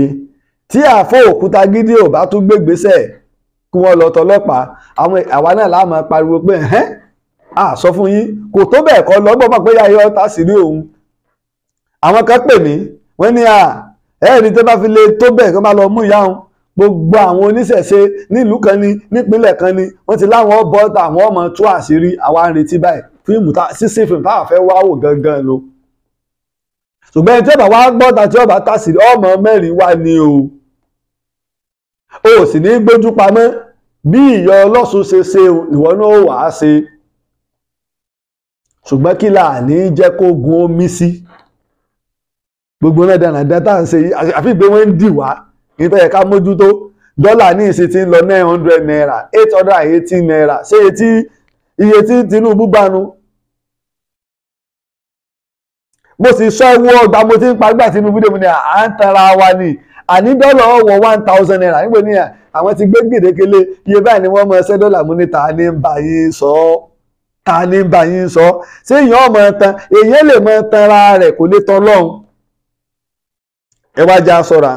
tí àfọ òkúta gidi ò bá tún gbégbèsè kí wọ́n lọ tọlọ́pàá àwọn àwa náà láàmú pariwo pé ẹ̀hẹ́n à sọ fún yín kò tó bẹ́ẹ̀ kọ́ lọ́gbọ́n mọ̀ pé yá yọ ọ́ta sí rí òun àwọn kan pè mí wọ́n ní à ẹ̀ẹ́dì tó bá fi lè tó bẹ́ẹ̀ kó má lọ mú ìyá òun gbogbo àwọn oníṣẹ̀ṣe nílùú kan ni nípínlẹ̀ kan ni wọ́n ti láwọn bọ́ta àwọn ọmọ tú àṣírí àwa ń retí báyìí fíìmù sísìn fíìmù táwa fẹ́ wáwò gangan lo ṣùgbọ́n ẹni tí ọba wa gbọ́ ta tí ọba tàṣírí ọmọ mẹ́rin wá ni o o sì ní gbójú pamọ́ bí ìyọ ọlọ́sùn ṣe ṣe ìwọ náà wàá ṣe ṣùgbọ́n kí la ní jẹ́ kó gun omi sí gbogbo náà dánadáná tá à ń ṣe àfi pé wọ́n ń dì wá nítorí ẹ̀ka mójútó dọ́là ní ìsìn ti ń lọ nine hundred naira eight hundred and eighteen naira ṣé iye tí Tinubu bánu mo sì sọ ewu ọgbà mo ti ń parí gbà sínú fídíò mi ni à ń tara wa ni àní dọ́là ọ̀wọ̀ one thousand naira nígbà ní àwọn ti gbé gbèdékele iye báyìí ni wọ́n mọ ẹsẹ̀ dọ́là mú ní ta ni ń bá yín sọ ọ́ ta ni ń bá yín sọ ọ́ ṣé èèyàn ọmọ tan èèyàn lè mọ tanra rẹ̀ kò lè tan lọ́hùn. ẹ wá jẹ́ aṣọra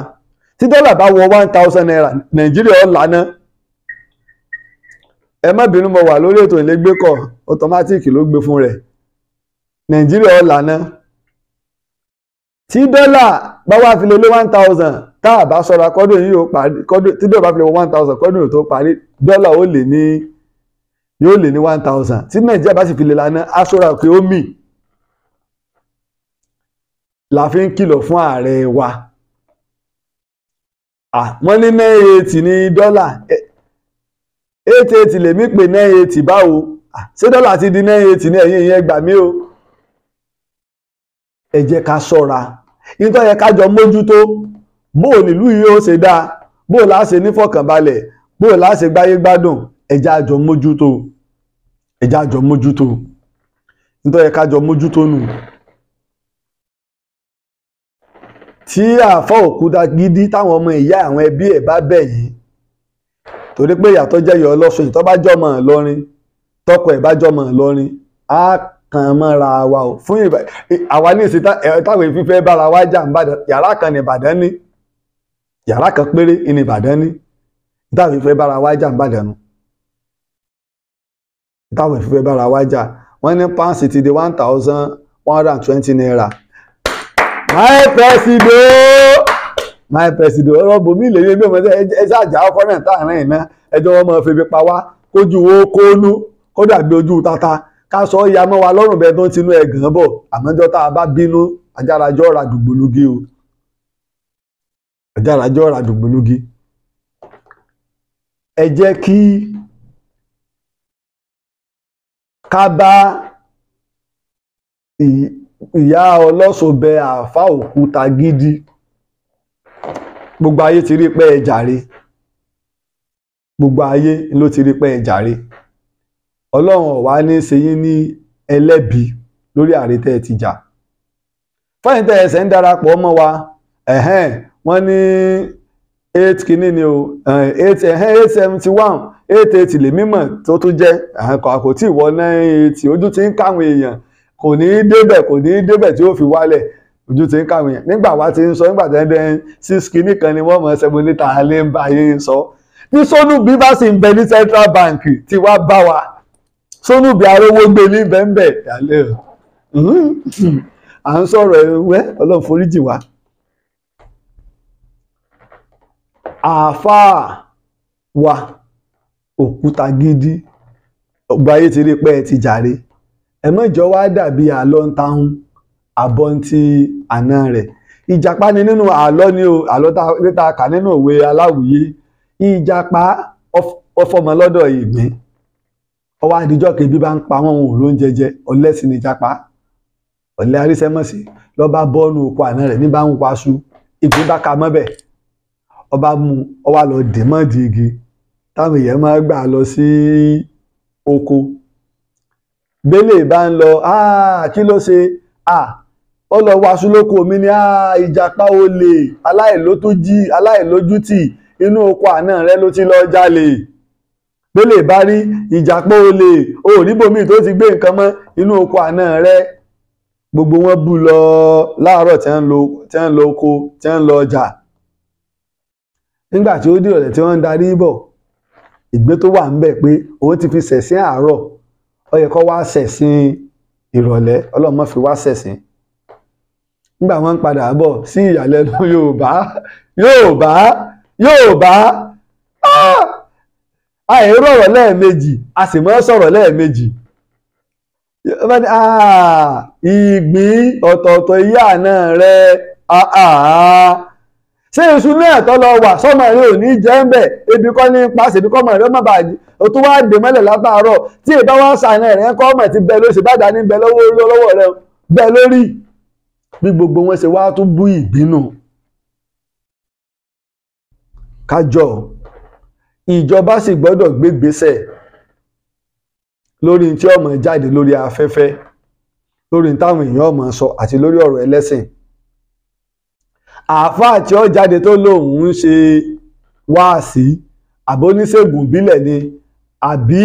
tí dọ́là bá wọ one thousand naira nàìjíríà ọ̀ lànà ẹ má bínú mo wà lórí ètò ìlégbé kọ ọtọmátìkì ló gbé fún rẹ̀ nàìjíríà ọ̀ lànà tí dọ́là bá wà fi lé one thousand tá a bá ṣọ́ra kọ́dún yìí ó parí kọ́dún tí dọ́là bá fi lè one thousand kọ́dún yìí tó parí dọ́là ó lè ní yóò lè ní one thousand tí nàìjíríà bá sì fi lè lana á ṣọ́ra pé la fi ń kìlọ̀ fún ààrẹ wa wọ́n ní nine eighty ní dọ́là e, eight eighty lèmi pè nine eighty báwo ṣé dọ́là ti di nine eighty ní ẹ̀yìn ìyẹn gbà mí o ẹ jẹ́ ká ṣọ́ra nítorí yẹ kájọ mójútó bóò nílù yìí ó ṣe dáa bóò láṣe nífọ̀kànbalẹ̀ bóò láṣe gbáyé gbádùn ẹja àjọ mójútó ẹja àjọ mójútó nítorí yẹ kájọ mójútó nù tí àfọ́ òkúta gidi táwọn ọmọ ìyá àwọn ẹbí ẹ̀ bá bẹ̀ yìí torí pé ìyàtọ̀ jẹ́ yọ ọlọ́sọ̀yìn tó bá jọmọ̀ lọ́rin tọkọ ẹ̀ bá jọmọ̀ lọ́rin á kan mọ́ra wa o fún ìbà àwa ní ìsìn táwọn ìfífẹ́ bára wa jà ń bàdàn yàrá kan ní ìbàdàn ní yàrá kan péré ní ìbàdàn ní táwọn ìfífẹ́ bára wa jà ń bàdàn nù táwọn ìfífẹ́ bára wa jà wọ́n ní pounds ti di one thousand one hundred and twenty naira my president my president ọ̀rọ̀ mi ìlérí ẹgbẹ́ ọmọdé ẹ ṣáàjà ọkọ náà táàrin iná ẹjọ́ wọn máa febi pa wá kójú owó kóónú tata ká sọ ya mọ wa lọ́rùn bẹ́ẹ̀ tó ń tinú ẹ̀gàn bọ̀ àmọ́jọ́ tá a bá bínú ajárajọ́ ra dùgbòlugi o ajárajọ́ ra dùgbòlugi ẹ jẹ́ kí ká bá ìyá ọlọ́sùn bẹ àáfà òkúta gidi gbogbo ayé ti rí pé ẹ jàre gbogbo ayé ló ti rí pé ẹ jàre. ọlọ́run ọ̀wá ní í ṣe yín ní ẹlẹ́bi lórí àrètẹ́ ti jà fáyìn tẹ́ ẹsẹ̀ ń darapọ̀ mọ́ wa wọ́n ní eight kìíní ni o eight ẹ̀hẹ́n eight seventy one eight eighty lè mímọ̀ tó tún jẹ́ kò tí ì wọ nine eighty ojú ti ń káwọn èèyàn kò ní í débẹ̀ kò ní í débẹ̀ tí ó fi wálẹ̀ ojú ti ń káwọn èèyàn nígbà wá ti ń sọ nígbà tẹ́ndẹ́ six kìíní kan ni wọ́n mọ̀ seven litre alẹ́ ń bá yín sọ ní sọ́nù bí bá sì ń bẹ ní central bank tí wá bá wa sónúbì arówó gbé ní bẹ́ńbẹ́ ìdálẹ́ o à ń sọ̀rọ̀ ẹ̀wẹ́ ọlọ́run foríjì àáfàá wa òkúta gidi ọgbà ayé ti rí pé ẹ ti jàre ẹ mọ̀jọ́ wá dàbí àlọ́ ń tahun àbọ̀ ń ti àná rẹ̀ ìjàpá ni nínú àlọ́ ni o àlọ́ tá a nínú òwe aláwùyé ìjàpá ọfọmọ ìgbín. Mm -hmm ọwọ́ àdìjọ́ kejì bá ń pa wọn òun ló ń jẹjẹ ọlẹ́sìn ní japa ọ̀lẹ́ arísẹ́mọ̀sí lọ́ba bọ́ọ̀nù oko àná rẹ̀ níbà ń waṣu ìgbín bá ka mọ́bẹ̀ ọba mú ọwọ́ lọ dè mọ́ di igi táwọn èèyàn máa gbà lọ sí oko bẹ́lẹ̀ bá ń lọ kí ló ṣe ó lọ waṣu lóko mi ní ìjàpá olè aláìlótó jí aláìlójútì inú oko àná rẹ̀ ló ti lọ jalè bó lè bá rí ìjàpọ̀ olè o ò níbòmíì tó ti gbé nǹkan mọ́ inú oko àná rẹ gbogbo wọn bú lọ láàárọ̀ tí wọ́n ń lọ oko tí wọ́n ń lọ ọjà nígbà tí ó dì ọ̀lẹ̀ tí wọ́n ń darí bọ̀ ìgbé tó wà ń bẹ̀ pé òun ti fi ṣẹ̀sìn àárọ̀ ó yẹ wá ṣẹ̀sìn ìrọ̀lẹ́ ọlọ́mọ fi wá ṣẹ̀sìn nígbà wọn padà bọ̀ sí ìyàlẹ́nu Yorùbá Yorùbá Yorùbá ah àìrọ̀rọ̀ lẹ́ẹ̀mejì a sì mọ́ sọ̀rọ̀ lẹ́ẹ̀mejì ìgbín ọ̀tọ̀ọ̀tọ̀ ìyá náà rẹ ṣé iṣu náà tọ́ lọ wà sọ́mọ rẹ ò ní jẹ́ ń bẹ̀ ebi kọ́ ní pa ṣèbí kọ́ mọ̀ rẹ má bàa o tún wá dè mọ́lẹ̀ látàárọ̀ tí ìbá wá ṣàánà rẹ̀ kọ́ mọ̀ ti bẹ ló ṣe bá dání bẹ lọ́wọ́ lọ́wọ́ rẹ bẹ lórí bí gbogbo wọn ṣe wá tún bú ìgbín nù kájọ ìjọba sì gbọ́dọ̀ gbégbésẹ̀ lórí tí ọmọ jáde lórí afẹ́fẹ́ lórí táwọn èèyàn ọmọ sọ àti lórí ọ̀rọ̀ ẹlẹ́sìn àáfàá tí ó jáde tó lóun ń ṣe wáàsí àbóníṣègùn ìbílẹ̀ ni àbí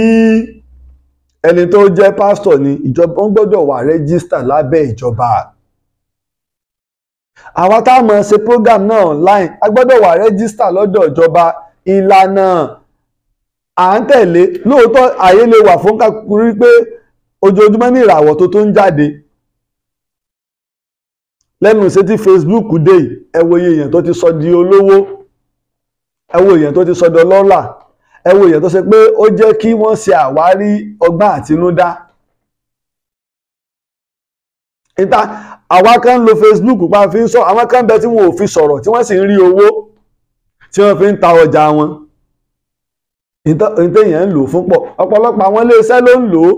ẹni tó jẹ́ pásítọ̀ ni ìjọba ń gbọ́dọ̀ wà rẹ́gísítà lábẹ́ ìjọba àwa táwọn ṣe program náà online a gbọ́dọ̀ wà rẹ́gísítà lọ́dọ̀ ìjọba ìlànà à ń tẹ̀lé lóòótọ́ àyè lè wà fún kakuru pé ojoojúmọ́ ní ìràwọ̀ tó tó ń jáde lẹ́nu ìṣe tí Facebook dé yìí ẹ wo iye èèyàn tó ti sọ di olówó ẹ wo èèyàn tó ti sọ di ọlọ́lá ẹ wo èèyàn tó ṣe pé ó jẹ́ kí wọ́n ṣe àwárí ọgbọ́n àtinúdá ìta àwa kan lo Facebook pa fi ń sọ àwọn kan bẹ tí wọn ò fi sọ̀rọ̀ tí wọ́n sì ń rí owó tí wọ́n fi ń ta ọjà wọn ìtẹ̀yìn ń lò fún pọ̀ ọ̀pọ̀lọpọ̀ àwọn iléeṣẹ́ ló ń lò ó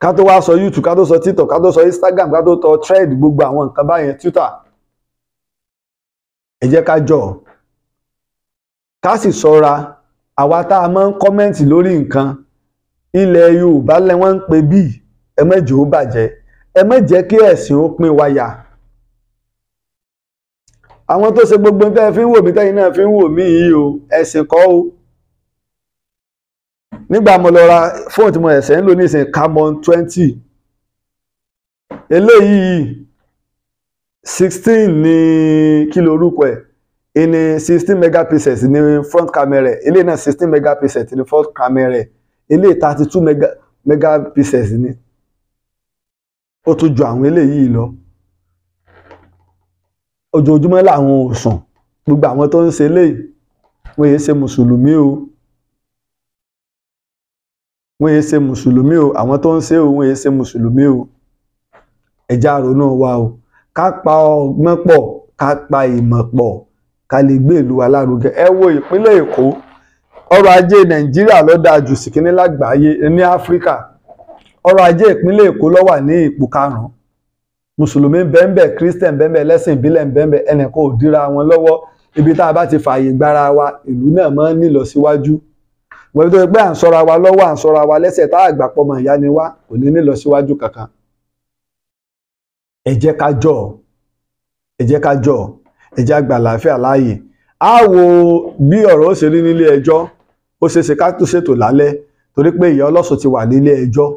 ká tó wá sọ YouTube ká tó sọ TikTok ká tó sọ Instagram ká tó tọ thread gbogbo àwọn nǹkan báyẹn Twitter ẹ jẹ́ ká jọ ká sì ṣọ́ra àwa tá a máa ń kọ́mẹ́ǹtì lórí nǹkan ilẹ̀ Yorùbá lẹ́wọ́n ń pe bíi ẹ má ó bàjẹ́ ẹ má kí ẹ̀sìn ó pín wa àwọn tó ṣe gbogbo tẹ́ fi ń wò mí tẹ́yìn náà fi ń wò mí yìí o ẹ̀sìn kọ́ o nígbà mo lọ ra fóònù tí mo ẹ̀sẹ̀ ń lò ní ìsìn camon twenty eléyìí sixteen ní kí ló orúkọ ẹ̀ ìní sixteen megapixels ní front camera eléyìí náà sixteen megapixels ní front camera eléyìí thirty two megapixels ní ó tún ju àwọn eléyìí lọ ojoojúmọ́ làwọn ò sùn gbogbo àwọn tó ń ṣe léyìí wọ́n yéé ṣe mùsùlùmí o wọ́n yéé ṣe mùsùlùmí o àwọn tó ń ṣe o wọ́n yéé ṣe mùsùlùmí o ẹ̀já ronú wa o ká pa ọgbọ́n pọ̀ ká pa ìmọ̀ pọ̀ ká lè gbé ìlú wa lárugẹ ẹ wo ìpínlẹ̀ Èkó ọrọ̀ ajé Nàìjíríà ló jù síkíní lágbàáyé ní Áfíríkà ọrọ̀ ajé ìpínlẹ̀ Èkó ló ní ipò karùn-ún mùsùlùmí bẹ́ẹ̀nbẹ́ christian bẹ́ẹ̀nbẹ́ lẹ́sìn ìbílẹ̀ bẹ́ẹ̀nbẹ́ ẹnìkan ò dira wọn lọ́wọ́ ibi tá a bá ti fààyè gbára wa ìlú náà máa ń nílọsíwájú wọ́n tó pé à ń sọ́ra wa lọ́wọ́ à ń sọ́ra wa lẹ́sẹ̀ tá àgbàpọ̀ mọ̀ ìyá ni wá kò ní nílọsíwájú kankan ẹ jẹ́ ká jọ ẹ jẹ́ ká jọ ẹ jẹ́ àgbà àlàáfíà láàyè á wo bí ọ̀rọ̀ ó ṣe rí nílé ẹjọ́ ó ṣeéṣe ká tó ṣètò lálẹ́ torí pé ìyá ọlọ́sùn ti wà nílé ẹjọ́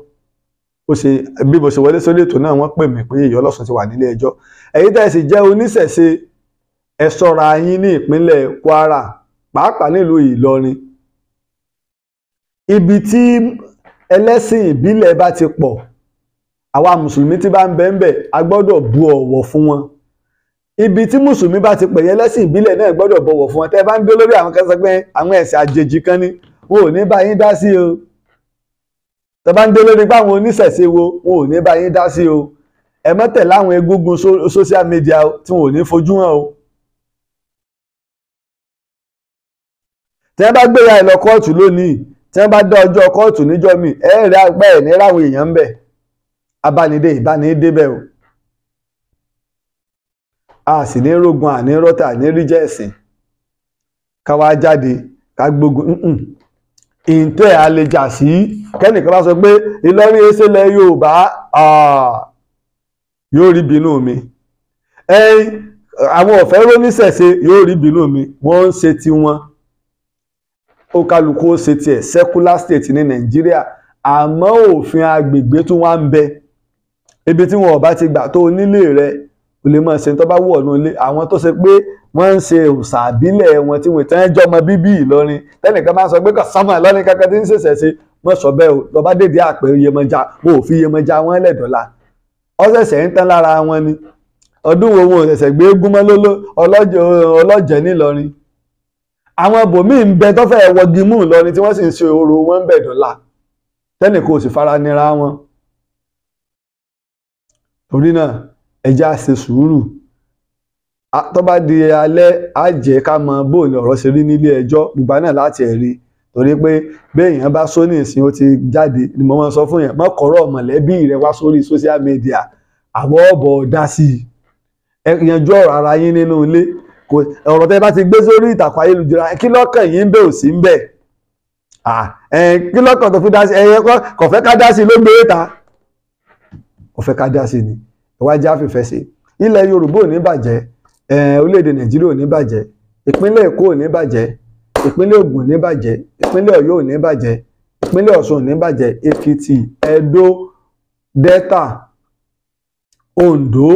ó ṣe bí mo ṣe wọlé sórí ètò náà wọ́n pè mí pé Yèyé Ọlọ́sùn ti wà nílé ẹjọ́ èyí tẹ́ ẹ sì jẹ́ oníṣẹ̀ṣe ẹ ṣọ́ra yín ní ìpínlẹ̀ Kwara pàápàá nílùú Ìlọrin ibi tí ẹlẹ́sìn ìbílẹ̀ bá ti pọ̀ àwa mùsùlùmí tí bá ń bẹ ń bẹ a gbọ́dọ̀ bu ọ̀wọ̀ fún wọn ibi tí mùsùlùmí bá ti pẹ̀yẹ lẹ́sìn ìbílẹ̀ náà gbọ́dọ̀ bọ̀wọ̀ fún wọn tẹ́ bá ń dé lórí àwọn kan sọ pé àwọn ẹ̀sìn àjèjì kan ni wọn ò ní bá yín dá sí o tẹ bá ń dé lórí pé àwọn oníṣẹ̀ṣe wo wọn ò ní bá yín dá sí o ẹ má tẹ̀lé àwọn social media tí wọn ò ní fojú hàn o. tẹ́ bá gbéra ẹ̀ lọ kóòtù lónìí tẹ́ bá dá ọjọ́ kóòtù níjọ́ mi ẹ rí apá ẹ̀ níráwọ̀ èèyàn ń bẹ̀ abánidé ìbánidé bẹ̀ o. a sì ní rógun àní rọ́tà àní ríjẹ́ ẹ̀sìn ká wá jáde ká gbógun ìǹtẹ́ àlejà sí kẹ́nìkan bá sọ pé Ìlọrin ẹsẹ̀lẹ̀ Yorùbá yóò rí bínú mi ẹ̀yìn àwọn ọ̀fẹ́ róníṣẹ̀ṣe yóò rí bínú mi wọ́n ń ṣe tiwọn ó kálukú ó ṣe tiẹ̀ secular state ní Nàìjíríà àmọ́ òfin agbègbè tún wá ń bẹ ibi tí wọn ò ti gbà tó onílé rẹ̀ o lè máa ṣe tó bá wù ọ́ nílé àwọn tó ṣe pé wọ́n ń ṣe òòṣà àbílẹ̀ wọn tí wọ́n ti ń jọmọ bíbí Ìlọrin tẹ́nìkan máa ń sọ pé kò sánmà kankan tí ń ṣẹ̀ṣẹ̀ ṣe wọ́n sọ bẹ́ẹ̀ o lọ́ba dèdè àpè Yemọja o ò fi Yemọja wọn lẹ́dọ̀la ọ̀ṣẹ̀ṣẹ̀ ń tán lára wọn ni ọdún wo wọn ò ṣẹ̀ṣẹ̀ gbé gúnmọ́ ọlọ́jẹ̀ nílọrin àwọn ibòmíì ń bẹ tó fẹ́ wọgi mú Ìlọrin tí wọ́n sì ń ṣe orò wọn ń bẹ̀ dọ̀la tẹ́nìkan ò sì fara nira wọn torí náà ẹjá ṣe sùúrù tó bá di alẹ́ àjẹ́ jẹ́ ká mọ bóun ọ̀rọ̀ ṣe rí nílé ẹjọ́ gbogbo náà láti ẹ̀rí torí pé béèyàn bá sóní ní ìsìn ó ti jáde ni mo máa sọ fún yẹn mọ́kọ̀ọ́rọ̀ mọ̀lẹ́bí rẹ wá sórí social media àwọn ọ̀bọ̀ dá sí i yanjú ọ̀rọ̀ ara yín nínú ilé ọ̀rọ̀ tẹ́ bá ti gbé sórí ìtàkùn ayélujára kí lọ́kàn yín ń bẹ̀ ò sí ń bẹ̀ kí lọ́kàn tó fi dá sí ẹ̀yẹ kọ̀fẹ́ ká dá sí ló gbé e ta kọ̀fẹ́ ká dá sí ni ìwájú àfìfẹ́ sí ilẹ̀ Yorùbá ò ní bàjẹ́ orílẹ̀-èdè Nàìjíríà ò ní bàjẹ́ ìpínlẹ̀ Èkó ò ní bàjẹ́ ìpínlẹ̀ Ògùn ò ní bàjẹ́ ìpínlẹ̀ Ọ̀yọ́ ò ní bàjẹ́ ìpínlẹ̀ Ọ̀ṣun ò ní bàjẹ́ Èkìtì Ẹdó Delta Ondo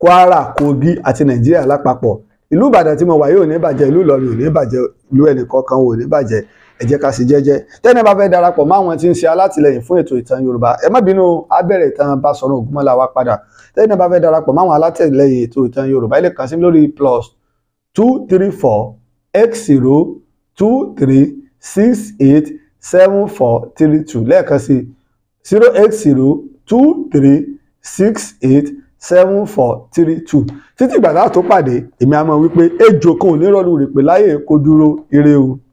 Kwara Kogi àti Nàìjíríà lápapọ̀ ìlú Ìbàdàn tí mo wà yìí ò ní bàjẹ́ ìlú Ìlọrin ò ní bàjẹ́ ìlú ẹnìkọ̀ọ̀kan ò ní bàjẹ́ ẹ jẹ́ ká sì jẹ́jẹ́ tẹ́ni bá fẹ́ darapọ̀ mọ́ àwọn tí ń ṣe alátìlẹyìn fún ètò ìtàn Yorùbá ẹ má bínú a bẹ̀rẹ̀ ìtàn Basọ̀run Ògúnmọ́lá wa padà tẹ́ni bá fẹ́ darapọ̀ mọ́ àwọn alátìlẹyìn ètò ìtàn Yorùbá ẹ lè sí lórí plus two three four x zero two three six eight seven four three two lẹ́ẹ̀kan sí zero x zero two three six eight seven four three two títí ìgbà tá a tó pàdé èmi a mọ̀ wípé ejò kan ò ní rọlù rèpè láyè kó dúró ire o.